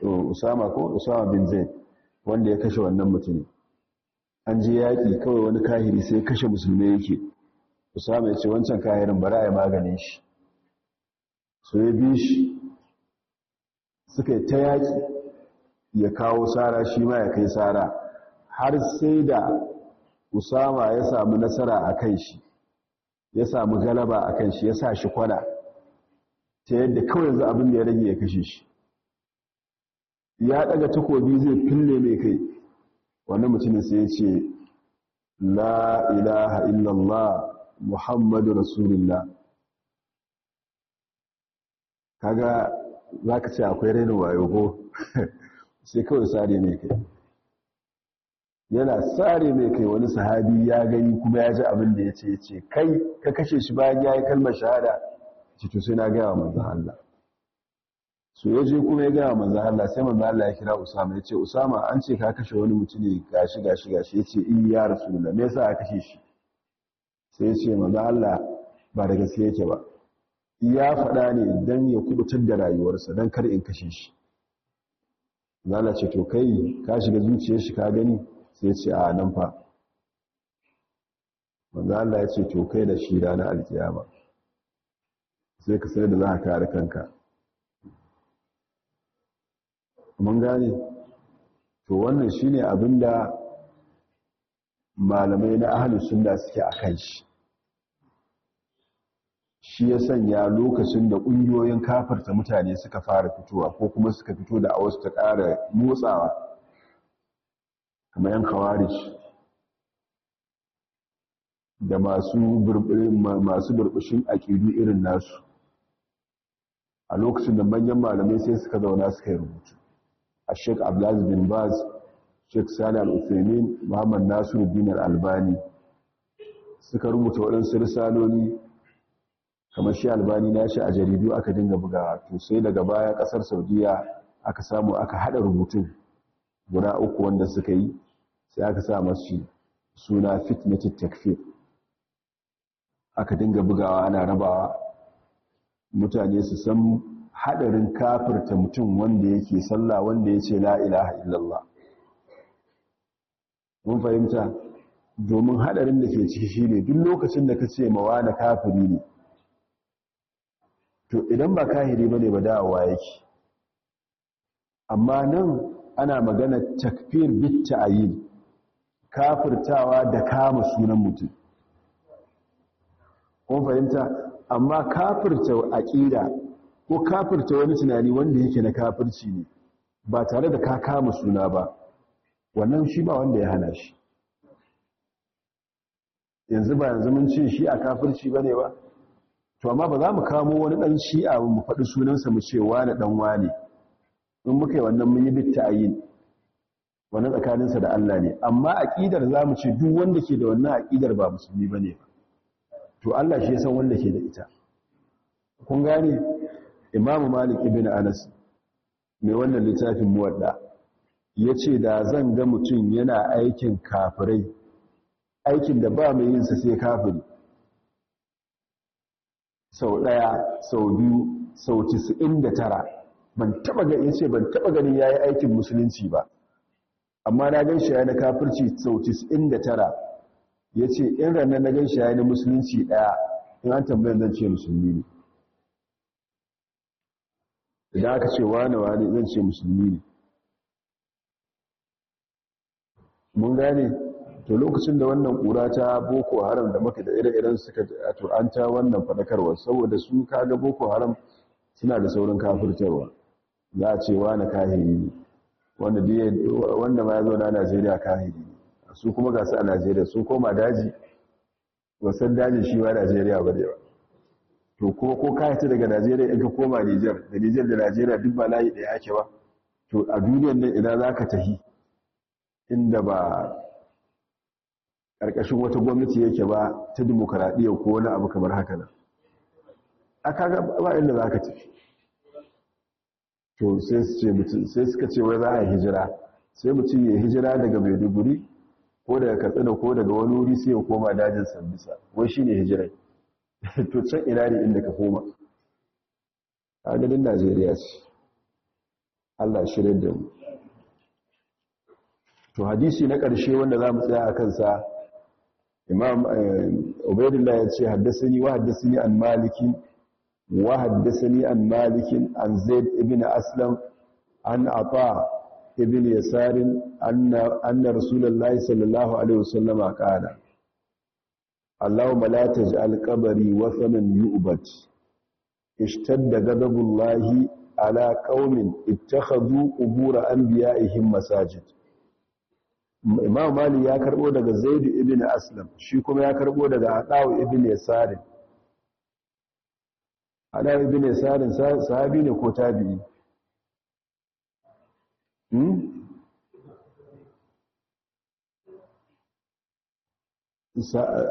Usama ko Usama bin Zaid wanda ya kashe wannan mutumin an je yaƙi kawai wani kahiri sai kashe musulmi yake usama ya ce wancan kahirin bari a yi maganin shi so ya bi shi suka yi ta yaƙi ya kawo sara shi ma ya kai sara har sai da usama ya samu nasara a kan shi ya samu galaba a kan shi ya sa shi kwana ta yadda kawai yanzu abin da ya rage ya kashe shi ya daga takobi zai fille mai kai wannan mutumin sai ya ce la ilaha illallah muhammadu rasulullah kaga za ka ce akwai rainin wayo ko sai kawai sare mai kai yana sare mai kai wani sahabi ya gani kuma ya ji abin da ya ce ce kai ka kashe shi bayan ya yi kalmar shahada ce to sai na gaya wa manzan Allah su ya je kuma ya gaya manzo Allah sai manzo Allah ya kira Usama ya ce Usama an ce ka kashe wani mutum ne gashi gashi gashi ya ce in eh, ya rasulullah me yasa ka kashe shi sai ya ce manzo Allah ba da gaskiya yake ba ya faɗa ne dan ya kubutar da rayuwarsa dan kar in kashe shi Zala ce to kai ka shiga zuciyar shi ka gani sai ya ce a nan fa manzo Allah ya ce to kai da shi ranar alkiyama sai ka sai da za ka kare kanka mun gane to wannan shine da malamai na ahli sunna suke akan shi shi ya sanya lokacin da ƙungiyoyin kafarta mutane suka fara fitowa ko kuma suka fito da awas ta ƙara motsawa kamar yan kawarish da masu burbushin aƙidu irin nasu a lokacin da manyan malamai sai suka zauna suka yi rubutu a sheik abdulaziz bin baz sheikh salih al muhammad nasiru bin al-albani suka rubuta waɗansu risaloli kamar shi albani na shi a jaridu aka dinga bugawa to sai daga baya ƙasar saudiya aka samu aka haɗa rubutun guda uku wanda suka yi sai aka sa masu suna fitnatit takfir aka dinga bugawa ana rabawa mutane su san hadarin kafirta mutum wanda yake sallah wanda yace la ilaha illallah mun fahimta domin hadarin da ke ciki shine duk lokacin da ka ce mawa na kafiri ne to idan ba kahiri ba ne, ba dawowa yake amma nan ana magana takfir bit ta'yin kafirtawa da kama sunan mutum Mun fahimta amma kafirta aqida ko kafirta wani tunani wanda yake na kafirci ne ba tare da ka kama suna ba wannan shi ba wanda ya hana shi yanzu ba yanzu mun ce shi a kafirci ba ne ba to amma ba za mu kamo wani ɗan a mu faɗi sunansa mu ce wani dan wani in muka yi wannan mun yi bitta a yin, wani tsakaninsa da Allah ne amma aƙidar za mu ce duk wanda ke da wannan aƙidar ba musulmi ba ne ba to Allah shi ya san wanda ke da ita kun gane imamu malik ibn anas mai wannan littafin muwadda ya ce da zan ga mutum yana aikin kafirai aikin da ba mai yinsa sai kafiri sau ɗaya sau biyu sau tisa'in da tara ban taɓa ga yace ban taɓa ganin ya yi aikin musulunci ba amma na gan shi ya na kafirci sau tisa'in da tara ya ce in ranar na gan shi ya na musulunci ɗaya in an tambayar zan ce musulmi ne idan aka ce wane wane zan ce musulmi ne mun gane to lokacin da wannan kura ta boko haram da maka da ire-iren suka to an ta wannan fadakarwa saboda su kaga boko haram suna da saurin kafirtarwa za a ce wane kahiri ne wanda wanda ma ya zo na Najeriya kahiri ne su kuma ga su a Najeriya su koma daji wasan daji shi wa Najeriya ba da yawa to kuma ko ka fita daga Najeriya in ka koma Niger da Niger da Najeriya duk ba layi ɗaya ake ba to a duniyar nan idan zaka tahi inda ba ƙarƙashin wata gwamnati yake ba ta demokaradiyya ko wani abu kamar haka nan aka ga ba inda zaka tafi to sai su ce suka ce wai za a yi hijira sai mutum ya hijira daga Maiduguri ko daga Katsina ko daga wani wuri sai ya koma dajin Sambisa wai shine hijirai to can ina ne inda ka koma a ganin najeriya ce allah shirin da mu to hadisi na ƙarshe wanda za mu tsaya a kansa imam eh, ubaidullah ya ce haddasani wa haddasani an maliki wa haddasani an malikin an zaid ibn aslam an ata ibn yasarin anna rasulullahi sallallahu alaihi wasallama qala Allahumma la taj'al qabri wathanan da ishtadda ghadabullahi ala qaumin ittakhadhu qubur anbiya'ihim masajid Imam Mali ya karbo daga Zaid ibn Aslam shi kuma ya karbo daga Adaw ibn Yasarin Adaw ibn Yasarin sahabi ne ko tabi'i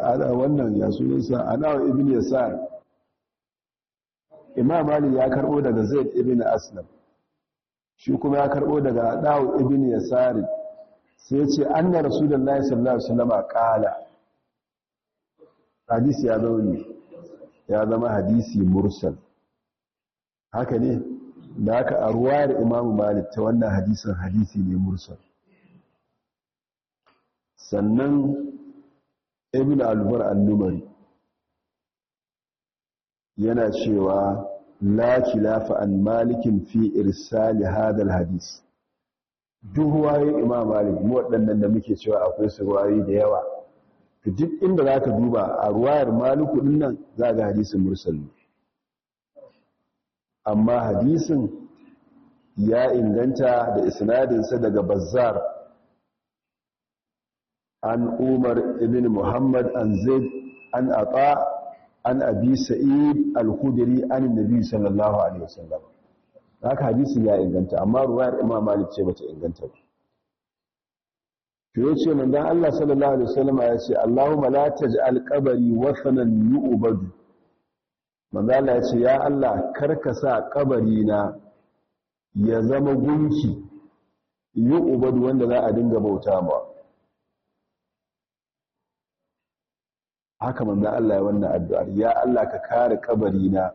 ana wannan ya sunansa ana ibn yasar imam mali ya karbo daga zaid ibn aslam shi kuma ya karbo daga dawo ibn yasari sai ya ce anna rasulullahi sallallahu alaihi wasallam qala hadisi ya zama ne ya zama hadisi mursal haka ne da aka a da imam malik ta wannan hadisin hadisi ne mursal sannan ibn albar annumari yana cewa la khilafa an malikin fi irsali hadal hadis duk waye, imam malik mu waɗannan da muke cewa akwai su wayoyi da yawa duk inda za ka duba a ruwayar maliku ɗin nan ga hadisin mursal amma hadisin ya inganta da sa daga bazzar an umar ibn muhammad an zaid an ata an abi sa'id al-khudri an nabi sallallahu alaihi wasallam haka hadisi ya inganta amma ruwayar imam malik ce bata inganta ba to yace manzon Allah sallallahu alaihi wasallam ya ce Allahumma la taj'al qabri wasanan yu'badu manzon Allah ya ce ya Allah karka sa kabari na ya zama gunki yu'badu wanda za a dinga bauta ba. haka manzo Allah ya wannan addu'ar ya Allah ka kare kabari na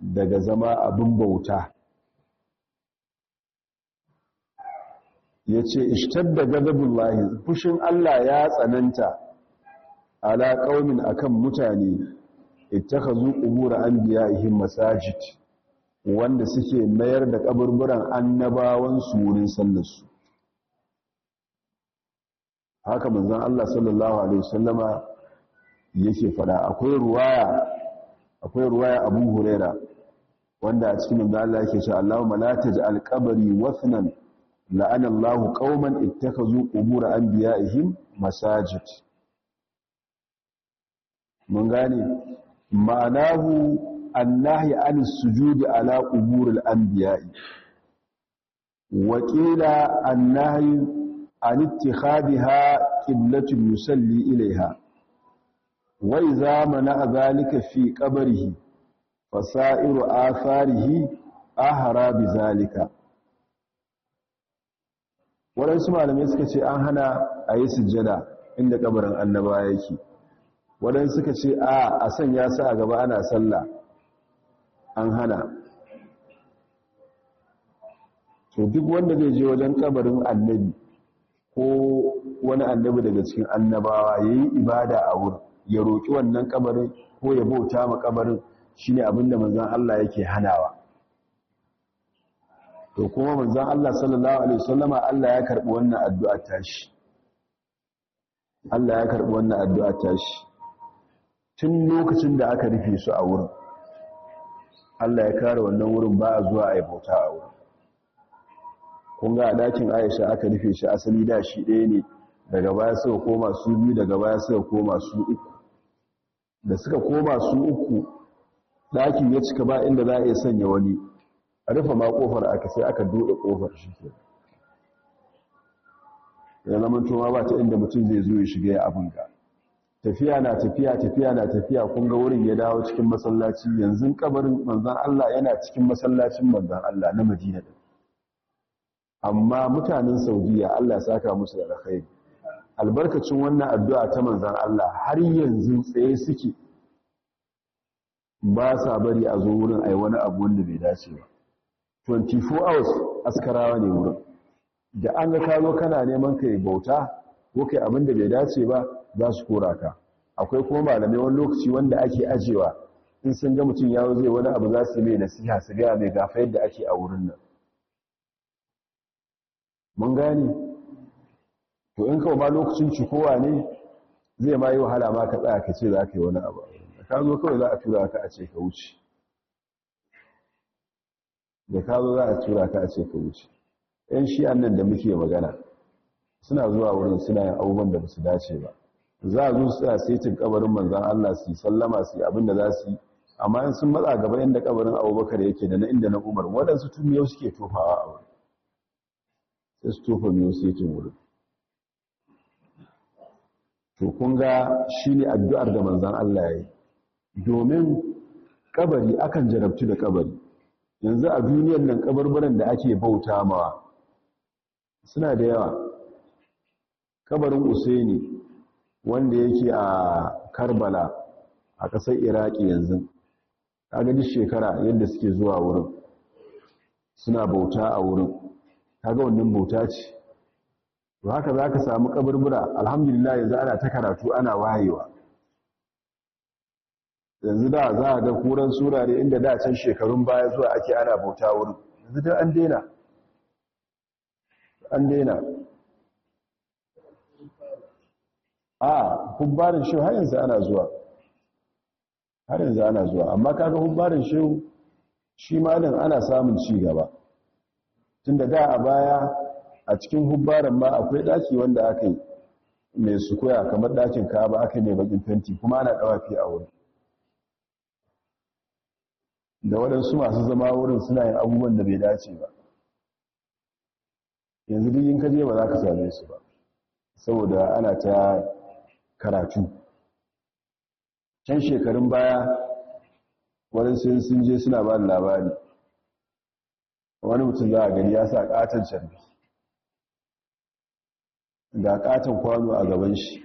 daga zama abin bauta yace ishtadda ghadabullahi fushin Allah ya tsananta ala qaumin akan mutane ittakhazu biya anbiya'ihim masajid wanda suke mayar da kaburburan annabawan su wurin sallar su haka manzon Allah sallallahu alaihi wasallama yake fada akwai ruwaya akwai ruwaya Abu Huraira wanda a cikin manzo Allah yake cewa Allahumma la taj'al qabri wathnan la'ana Allah qauman ittakhazu qubur anbiya'ihim masajid mun gane ma'anahu annahi an sujudi ala qubur al-anbiya'i wa qila annahi an ittikhadha qiblatun yusalli ilayha wai zamana a zalika fi ƙabarihi fasa'iru farihi a harabi zalika waɗansu malamai suka ce an hana a yi sujjada inda ƙabarin annaba yake waɗansu suka ce a a sanya su a gaba ana sallah an hana to duk wanda zai je wajen ƙabarin annabi ko wani annabi daga cikin annabawa ya yi ibada a wurin ya roƙi wannan kabarin ko ya bauta ma kabarin ne abinda manzan Allah yake hanawa to kuma manzan Allah sallallahu alaihi wasallama Allah ya karɓi wannan addu'a tashi Allah ya karɓi wannan addu'a tashi tun lokacin da aka rufe su a wurin Allah ya kare wannan wurin ba a zuwa a bauta a wurin kun ga ɗakin Aisha aka rufe shi asali da shi ɗaya ne daga baya suka koma su biyu daga baya suka koma su uku da suka koma su uku ɗaki ya cika ba inda za a iya sanya wani a rufe ma ƙofar aka sai aka duɗe ƙofar shi ke ya zama tuma ba ta inda mutum zai zo ya shiga ya abin ga tafiya na tafiya tafiya na tafiya kun ga wurin ya dawo cikin masallaci yanzu kabarin manzan Allah yana cikin masallacin manzan Allah na Madina amma mutanen Saudiya Allah saka musu da alkhairi albarkacin wannan addu'a ta manzan Allah har yanzu tsaye suke ba sa bari a zo wurin ai wani abu wanda bai dace ba 24 hours askarawa ne wurin da an ga kazo kana neman ka yi bauta ko kai abin da bai dace ba za su kora ka akwai kuma malamai wani lokaci wanda ake ajewa in sun ga mutum ya zai wani abu za su mai nasiha su gaya mai gafa yadda ake a wurin nan mun gane to in kawai ba lokacin cikowa ne zai ma yi wahala ma ka tsaya ka ce za ka yi wani abu Da ka zo kawai za a tura ka a ce ka wuce da ka zo za a tura ka a ce ka wuce ‘yan shi'an nan da muke magana suna zuwa wurin suna yin abubuwan da ba su dace ba za a zo suna setin kabarin manzan Allah su yi sallama su yi abin da za su yi amma in sun matsa gaba inda kabarin abubakar yake da na inda na umar waɗansu tun yau suke tofawa a wurin sai su tofa miyau setin wurin to kun ga ne addu'ar da manzan Allah ya yi domin kabari akan jarabtu da kabari yanzu a duniyar nan kabarbaran da ake bauta mawa suna da yawa kabarin usaini wanda yake a karbala a ƙasar iraki yanzu a gani shekara yadda suke zuwa wurin suna bauta a wurin kaga wannan bauta ce to haka za ka samu kaburbura alhamdulillah yanzu ana ta karatu ana wayewa yanzu da za a ga kuran sura ne inda da can shekarun baya zuwa ake ana bauta wurin yanzu da an daina an daina a hubbarin shehu har yanzu ana zuwa har yanzu ana zuwa amma kaga hubbarin shehu shi malin ana samun ci gaba tun da da a baya a cikin hubbaran ma akwai daki wanda aka yi mai sukuya kamar dakin ba aka yi mai bakin fenti kuma ana dawafi a wuri. da waɗansu masu zama wurin suna yin abubuwan da bai dace ba yanzu duk ka je ba za ka same su ba saboda ana ta karatu can shekarun baya waɗansu sun je suna ba labari wani mutum za a gani ya sa ƙatan carbi ga katon kwano a gaban shi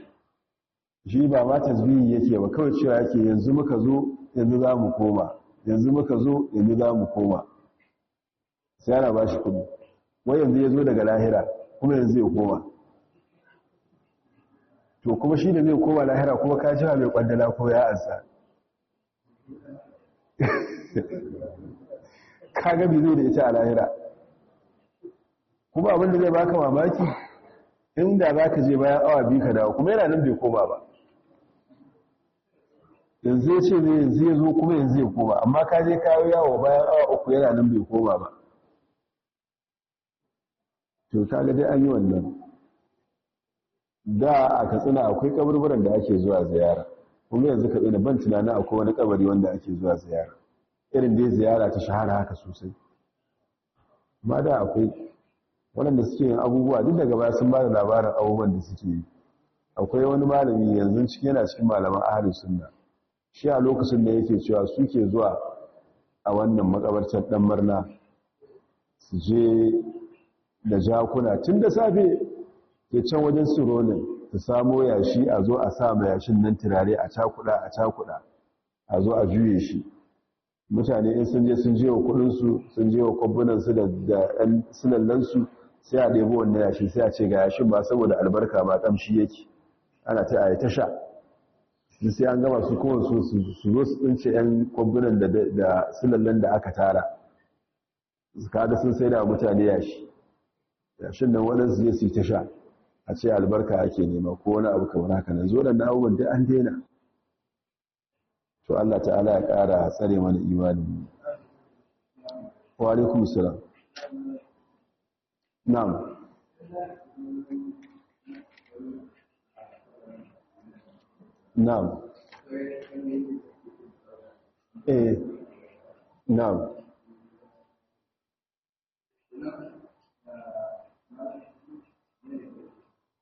shi ba ma tasbihi yake ba kawai cewa yake yanzu muka zo yanzu za mu koma yanzu muka zo yanzu za mu koma sai ana ba shi kudi wai yanzu ya zo daga lahira kuma yanzu ya koma to kuma shi da zai koma lahira kuma ka jiwa mai kwandala ko ya ansa ka gabi zai da ita a lahira kuma abinda zai baka mamaki inda za ka je bayan awa biyu ka dawo kuma yana nan bai koma ba yanzu ya ce yanzu ya zo kuma yanzu ya koma amma ka je kawo yawo bayan awa uku yana nan bai koma ba to ta ga dai an yi wannan da a katsina akwai kaburburan da ake zuwa ziyara kuma yanzu ka tsina ban tunanin akwai wani kabari wanda ake zuwa ziyara irin dai ziyara ta shahara haka sosai ma da akwai waɗanda suke yin abubuwa duk daga baya sun ba da labarin abubuwan da suke yi akwai wani malami yanzu cikin yana cikin malaman ahalin sunna shi a lokacin da yake cewa suke zuwa a wannan makabartar ɗan murna su je da jakuna tun da safe ke can wajen tsironin, su samo yashi a zo a sa ma yashin nan turare a cakuɗa a cakuda a zo a juye shi mutane in sun je sun je wa kudinsu sun je wa da 'yan sinallansu sai a ɗebo wanda ya yashi sai a ce ga yashin ba saboda albarka ba ƙamshi yake ana ta yi ta sha sai an gama su kowane su su zo su tsince 'yan kwambunan da sulallen da aka tara Kada sun sai da mutane yashi yashin nan waɗansu zai su ta sha a ce albarka ake nema ko wani abu kamar haka nan zo da na abubuwan da an daina to Allah ta'ala ya ƙara tsare mana imani wa alaikum Eh, na'am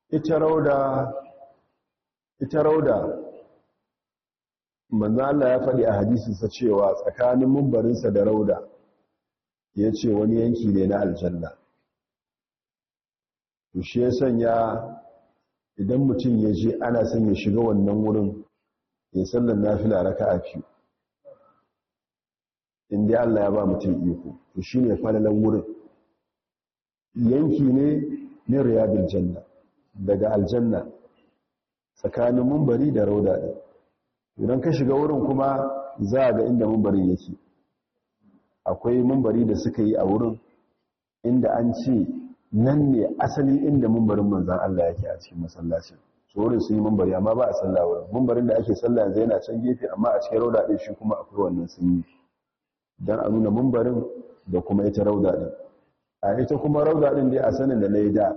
ita rauda Manzala ya faɗi a hadisinsa cewa tsakanin mumbarinsa da rauda ya ce wani yanki ne na aljanna to shi ya sanya idan mutum ya je ana son ya shiga wannan wurin ya sallan nafila a biyu inda Allah ya ba mutum ku shi ne falalan wurin yanki ne ne riyabin janna daga aljanna tsakanin mumbari da rauda ɗin idan ka shiga wurin kuma za a ga inda mumbarin yake akwai mumbari da suka yi a wurin inda an ce nan ne asali inda mumbarin manzan Allah yake a cikin masallacin tsorin sun yi mumbari amma ba a sallah wurin mumbarin da ake sallah yanzu yana can gefe amma a cikin rauda ɗin shi kuma akwai wannan sun yi don a nuna mumbarin da kuma ita rauda ɗin a ita kuma rauda ɗin dai a sanin da na yi da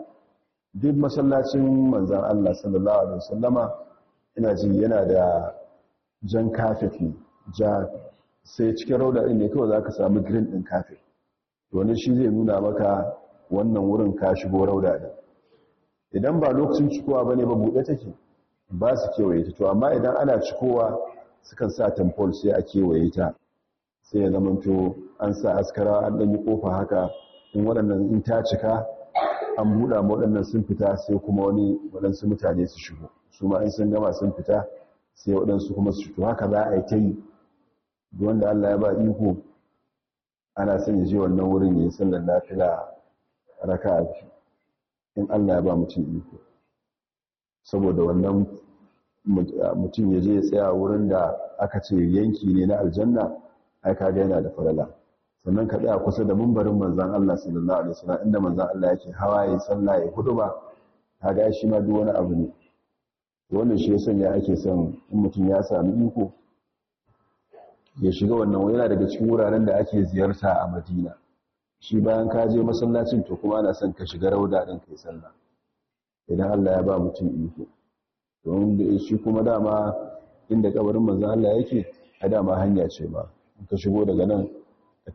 duk masallacin manzan Allah sallallahu alaihi wasallama ina ji yana da jan kafet ne ja sai cikin rauda ɗin ne kawai za ka samu green ɗin kafet wani shi zai nuna maka wannan wurin ka shigo rauda ne idan ba lokacin cikowa ba ne ba buɗe take ba su kewaye ta to amma idan ana cikowa sukan sa tamfol sai a kewaye ta sai ya zamanto an sa askara an ɗanyi ƙofa haka in waɗannan in ta cika an buɗa waɗannan sun fita sai kuma wani waɗansu mutane su shigo su ma in sun gama sun fita sai waɗansu kuma su shigo haka za a yi ta yi da Allah ya ba iko ana son ya je wannan wurin ya yi sallar lafiya a fi in Allah ya ba mutum iko saboda wannan mutum ya je ya tsaya wurin da aka ce yanki ne na aljanna ai ga yana da falala sannan ka tsaya kusa da mumbarin manzon Allah sallallahu alaihi wasallam inda manzon Allah yake hawa ya sallah ya ba, ta ga shi ma duk wani abu ne wannan shi yasan ya ake son in mutum ya sami iko ya shiga wannan yana daga cikin wuraren da ake ziyarta a Madina shi bayan ka je masallacin to kuma ana son ka shiga rauda ɗin kai sallah idan Allah ya ba mutum iko domin da shi kuma dama inda kabarin manzo Allah yake a dama hanya ce ba ka shigo daga nan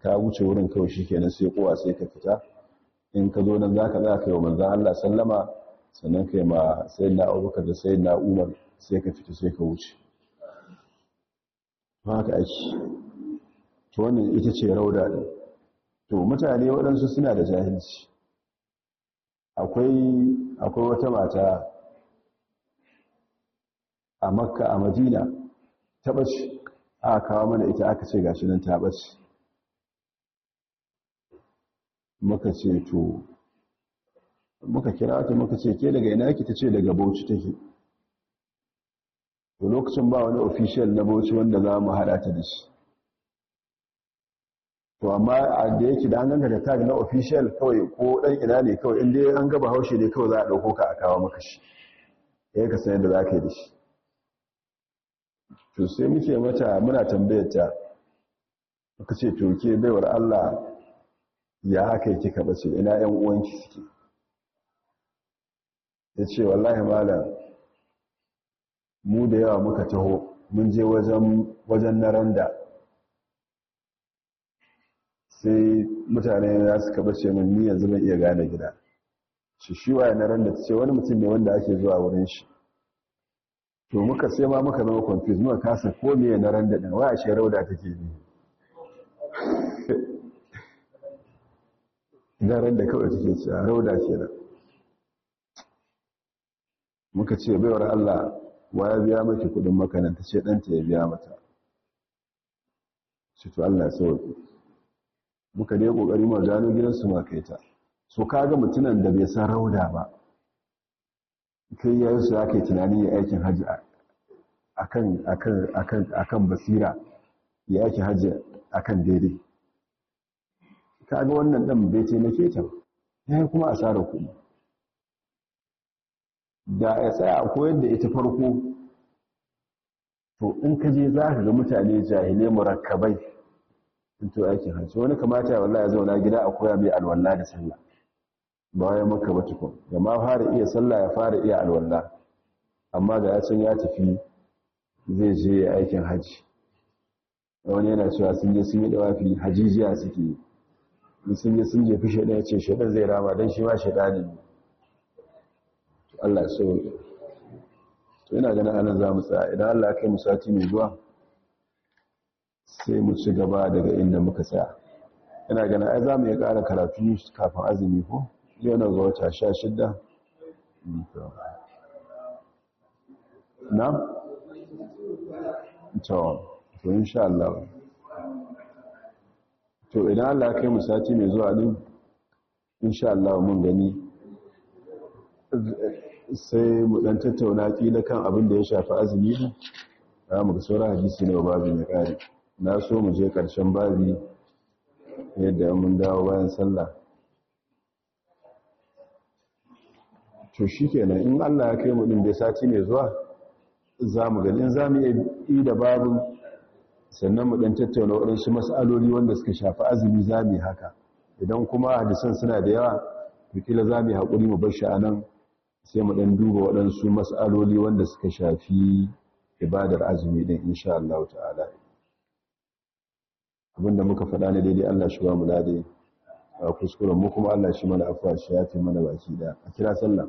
ka wuce wurin kawai shikenan sai kowa sai ka fita in ka zo nan zaka za ka yi wa manzo Allah sallama sannan kai ma sai na Abubakar da na Umar sai ka fita sai ka wuce haka ake to wannan ita ce rauda din to mutane waɗansu suna da jahilci akwai akwai wata mata a makka a madina ta ɓace aka kawo mana ita aka ce gashi nan ta ɓace muka ce to muka kira ta muka ce ke daga ina ki ta ce daga bauchi take to lokacin ba wani official na bauchi wanda za mu haɗa ta da shi to amma da yake da an da tag na official kawai ko dan ina ne kawai inda an gaba haushe ne kawai za a dauko ka a kawo maka shi ya eh, ka san yadda za ka yi da shi to sai muke mata muna tambayar ta ka ce to ke baiwar Allah ya haka ka bace ina yan uwanki suke ya ce wallahi malam mu da yawa muka taho mun je wajen naranda sai mutane za su kaba ce min ni yanzu iya gane gida shi shi waye na ran da ce wani mutum ne wanda ake zuwa wurin shi to muka sai ma muka zama confused muka kasa ko me na ran da din wa ashe rauda take ne na ran da kawai take ci, rauda ce da muka ce baiwar Allah wa ya biya maki kudin ta ce danta ya biya mata shi to Allah ya sauke muka dai kokari ma gano gidansu ma kai ta so kaga mutunan da bai san rauda ba kai yayin su ake tunani ya aikin haji akan akan akan akan basira ya aikin haji akan daidai kaga wannan dan bai taimake ta yayi kuma asara kuma da ya tsaya a koyar da ita farko to in ka je za ka ga mutane jahilai murakkabai fito aikin hajji wani kamata ya wallahi ya zauna gida a koya mai alwala da sallah bayan maka ba tukun amma fara iya sallah ya fara iya alwala amma ga ya san ya tafi zai je aikin hajji wani yana cewa sun je sun yi dawafi hajijiya suke yi sun je sun jefi shaɗa ya ce shaɗa zai rama don shi ma shaɗa ne Allah so yana ganin anan za mu tsaya idan Allah ya kai mu sati mai zuwa sai mu ci gaba daga inda muka tsaya ina gana ai za mu yi ƙara karatu kafin azumi ko yau na ga wata sha shidda mm, na? to to insha Allah to idan Allah kai mu sati mai zuwa din insha Allah mun gani sai mu dan tattauna kila kan abin da ya shafi azumi ba mu ga sauran hadisi ne babu ne kare. na so mu je karshen babi yadda mun dawo bayan sallah to shikenan in allah ya kai mu din da sati mai zuwa za mu gani in za mu yi da babu sannan mu ɗan tattauna waɗansu mas'aloli wanda suka shafi azumi za mu yi haka idan kuma hadisan suna da yawa kila za mu yi haƙuri mu bar shi anan sai mu dan duba wadansu mas'aloli wanda suka shafi ibadar azumi din insha Allah ta'ala abinda muka faɗa ne daidai Allah shi ba mu lade a kuskuren mu kuma Allah shi mana afuwa shi ya fi mana baki da a kira sallah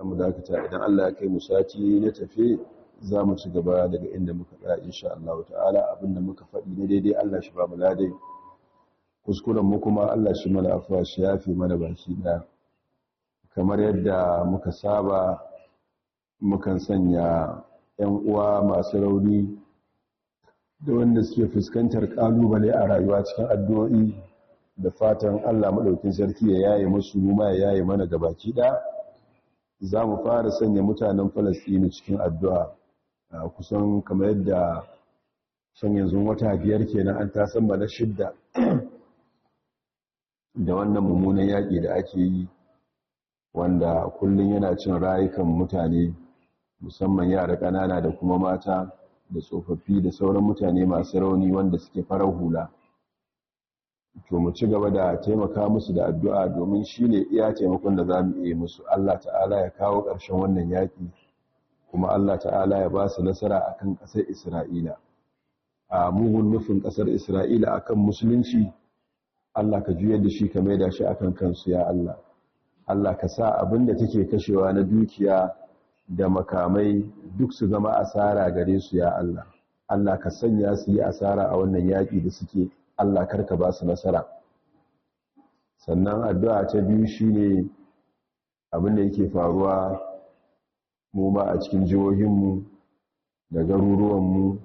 amma da aka ta idan Allah ya kai mu sati na tafi za mu ci gaba daga inda muka tsaya insha Allah ta'ala abinda muka faɗi ne daidai Allah shi ba mu lade kuskuren mu kuma Allah shi mana afuwa shi ya fi mana baki da kamar yadda muka saba mukan sanya 'yan uwa masu rauni da wanda suke fuskantar kalubale a rayuwa cikin addu'o'i da fatan Allah maɗaukin sarki ya yaye musu ma ya yaye mana gabaki ɗaya za mu fara sanya mutanen falasini cikin addu'a kusan kamar yadda son yanzu wata biyar kenan an tasan ba na shidda da wannan mummunan yaƙi da ake yi wanda kullum yana cin rayukan mutane musamman yara ƙanana da kuma mata da tsofaffi da sauran mutane masu rauni wanda suke farar hula to mu ci gaba da taimaka musu da addu'a domin shi ne iya taimakon da za mu iya musu Allah ta'ala ya kawo ƙarshen wannan yaƙi kuma Allah ta'ala ya ba su nasara a kan ƙasar Isra'ila a mugun nufin ƙasar Isra'ila a kan musulunci Allah ka juyar da shi ka maida shi a kan kansu ya Allah Allah ka sa abin da take kashewa na dukiya da makamai duk su zama asara gare su ya Allah Allah ka sanya su yi asara a wannan yaƙi da suke Allah karka ba su nasara sannan addu'a ta biyu shine abin da yake faruwa mu ma a cikin jihohinmu da garuruwanmu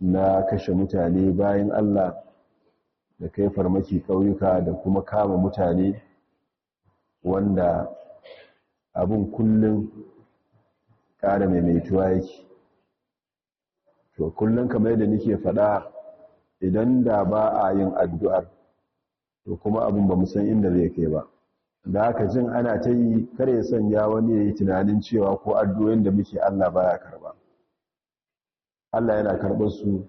na kashe mutane bayan Allah da kai farmaki ƙauyuka da kuma kama mutane wanda abin kullum ƙara maimaituwa yake to kullum kamar da nake faɗa idan da ba a yin addu'ar to kuma abin ba san inda zai kai ba da haka jin ana ta yi kar ya sanya wani ya yi tunanin cewa ko addu'o'in da muke Allah baya karɓa. Allah yana karɓar su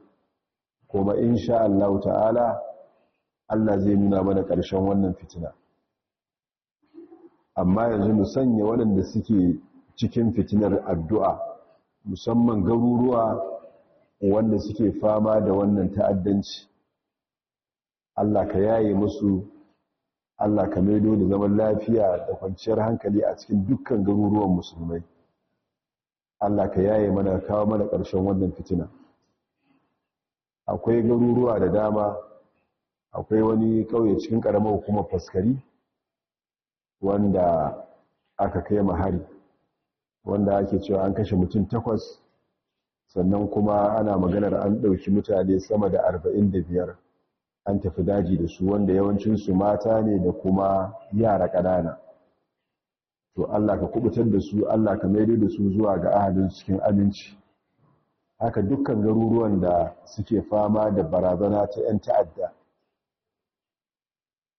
kuma insha Allah ta'ala Allah zai nuna mana ƙarshen wannan fitina amma yanzu mu sanya waɗanda suke cikin fitinar addu'a musamman garuruwa wanda suke fama da wannan ta'addanci Allah ka yaye musu Allah ka maido da zaman lafiya da kwanciyar hankali a cikin dukkan garuruwan musulmai Allah ka yaye mana kawo mana ƙarshen wannan fitina akwai garuruwa da dama akwai wani ƙauye cikin ƙaramar kuma faskari wanda aka kai mahari hari wanda ake cewa an kashe mutum takwas sannan kuma ana maganar an ɗauki mutane sama da arba'in da biyar an tafi daji da su wanda yawancinsu mata ne da kuma yara ƙanana to Allah ka kubutar da su Allah ka maido da su zuwa ga ahalin cikin aminci haka dukkan garuruwan da suke fama da barazana ta 'yan ta'adda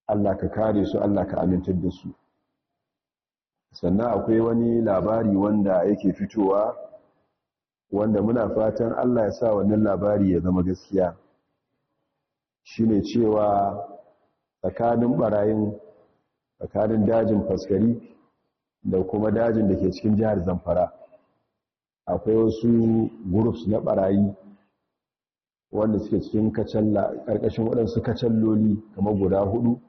Allah ka kare su Allah ka amintar da su sannan akwai wani labari wanda yake fitowa wanda muna fatan Allah ya sa wannan labari ya zama gaskiya shine cewa tsakanin barayin tsakanin dajin faskari da kuma dajin da ke cikin jihar Zamfara akwai wasu groups na barayi wanda suke cikin kacalla karkashin waɗansu kacalloli kamar guda hudu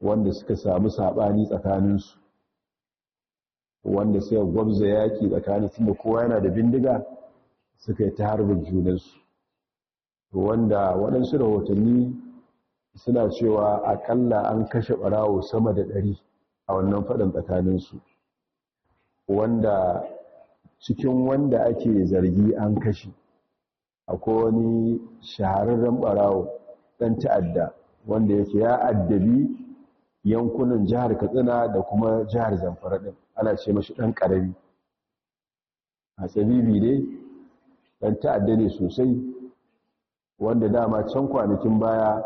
wanda suka samu saɓani tsakaninsu wanda sai gwamza yaki tsakanin da kowa yana da bindiga suka yi ta harbin junansu to wanda waɗansu rahotanni suna cewa akalla an kashe ɓarawo sama da ɗari a wannan faɗin tsakaninsu wanda cikin wanda ake zargi an kashe akwai wani shahararren ɓarawo ɗan ta'adda wanda yake ya addabi yankunan jihar katsina da kuma jihar zamfara ɗin ana ce mashi ɗan ƙarami a tsabibi ne ɗan ta'adda ne sosai wanda dama can kwanakin baya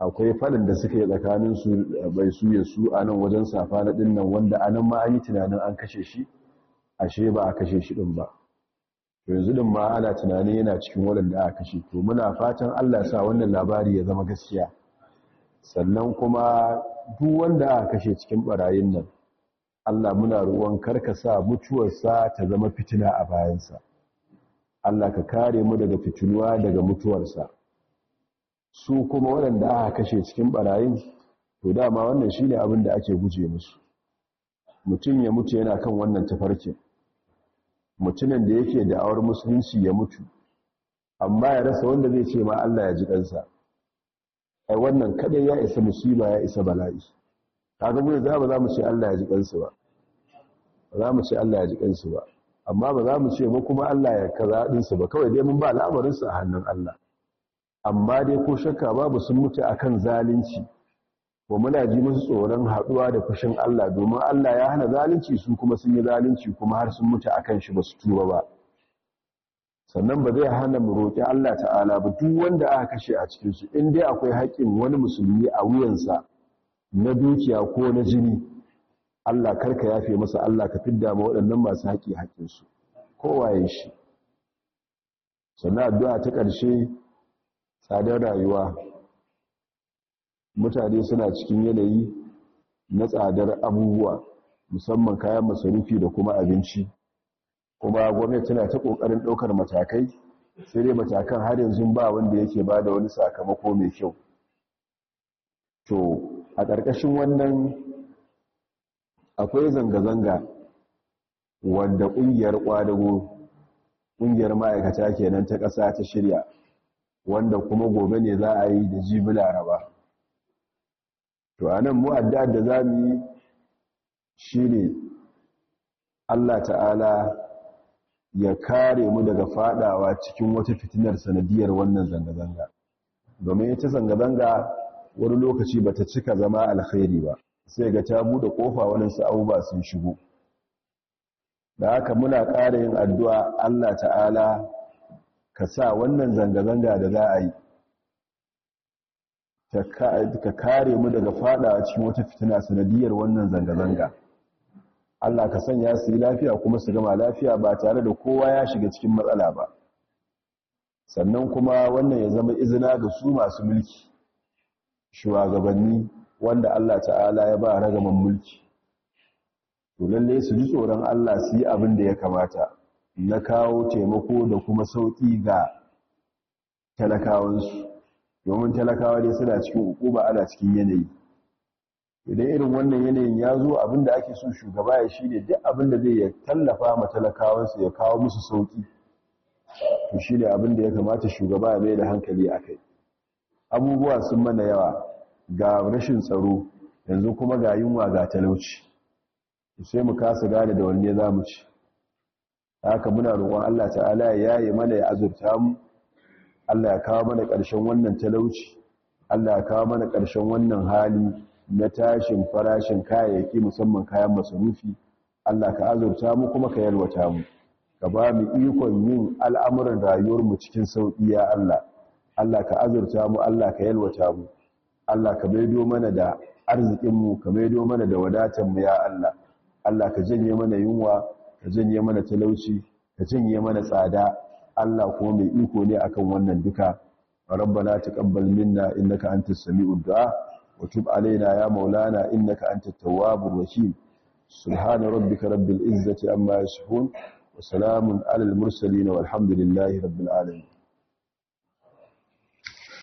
akwai falin da suka yi tsakaninsu bai suye su a nan wajen safa na ɗin nan wanda a nan ma an yi tunanin an kashe shi ashe ba a kashe shi ɗin ba yanzu ɗin ma ana tunanin yana cikin waɗanda aka kashe to muna fatan allah sa wannan labari ya zama gaskiya sannan kuma duk wanda aka kashe cikin barayin nan Allah muna ruwan karka sa mutuwarsa ta zama fitina a bayansa Allah ka kare mu daga fitinuwa daga mutuwarsa su kuma waɗanda aka kashe cikin barayin to dama wannan shine abin da ake guje musu mutum ya mutu yana kan wannan tafarkin mutumin da yake da'awar musulunci ya mutu amma ya rasa wanda zai ce ma Allah ya ji ɗansa ai wannan kaɗai ya isa musiba ya isa bala'i kaga mu yanzu ba za mu ce Allah ya ji kansu ba ba za mu ce Allah ya ji kansu ba amma ba za mu ce ba kuma Allah ya kaza din su ba kawai dai mun ba al'amarin su a hannun Allah amma dai ko shakka babu sun mutu akan zalunci ko muna ji musu tsoron haduwa da fushin Allah domin Allah ya hana zalunci su kuma sun yi zalunci kuma har sun mutu akan shi ba su tuba ba sannan ba zai hana mu roƙi Allah ta'ala ba duk wanda aka kashe a cikin su in dai akwai haƙƙin wani musulmi a wuyansa na dukiya ko na jini Allah karka yafe masa Allah ka fidda ma waɗannan masu haƙi haƙinsu waye shi sannan addu'a ta ƙarshe tsadar rayuwa mutane suna cikin yanayi na tsadar abubuwa musamman kayan masarufi da kuma abinci kuma gwamnati tana ta ƙoƙarin ɗaukar matakai sai dai matakan har yanzu ba wanda yake ba da wani sakamako mai kyau to a ƙarƙashin wannan akwai zanga-zanga wadda ƙungiyar ƙwadago ƙungiyar ma'aikata kenan ta ƙasa ta shirya wanda kuma gobe ne za a yi da jibi laraba to a nan mu'adda da za mu yi shi ne allah ta'ala ya kare mu daga fadawa cikin wata fitinar sanadiyar wannan zanga-zanga domin ita zanga-zanga wani lokaci ba ta cika zama alkhairi ba sai ga ta buɗe ƙofa wani sa'uba sun shigo da haka muna ƙara yin addu'a Allah ta'ala ka sa wannan zanga-zanga da za a yi ka kare mu daga fada cikin wata fitina sanadiyar wannan zanga-zanga Allah ka sanya su yi lafiya kuma su gama lafiya ba tare da kowa ya shiga cikin matsala ba sannan kuma wannan ya zama izina ga su masu mulki shugabanni wanda Allah ta'ala ya ba ragaman mulki to lalle su ji tsoron Allah su yi abin da ya kamata na kawo taimako da kuma sauki ga talakawansu domin talakawa ne suna cikin hukuma ana cikin yanayi idan irin wannan yanayin ya zo abin da ake so shugaba ya shine duk abin da zai ya tallafa ma talakawansu ya kawo musu sauki to shine abin da ya kamata shugaba ya mai da hankali a kai. abubuwa sun mana yawa ga rashin tsaro yanzu kuma ga yunwa ga talauci sai mu kasa gane da wanne za mu ci haka muna roƙon Allah ta'ala ya yi mana ya azurta mu Allah ya kawo mana ƙarshen wannan talauci Allah ya kawo mana ƙarshen wannan hali na tashin farashin kayayyaki musamman kayan masarufi Allah ka azurta mu kuma ka yalwata mu ka ba mu ikon yin al'amuran rayuwar mu cikin sauƙi ya Allah Allah ka azurta mu Allah ka yalwata mu Allah ka maido mana da arzikinmu ka maido mana da mu ya Allah Allah ka janye mana yunwa ka janye mana talauci ka janye mana tsada Allah kuma mai iko ne akan wannan duka rabbana taqabbal minna innaka antas sami'u du'a wa tub alaina ya maulana innaka antat tawwabur rahim subhana rabbika rabbil izzati amma yasifun wa salamun alal mursalin walhamdulillahi rabbil alamin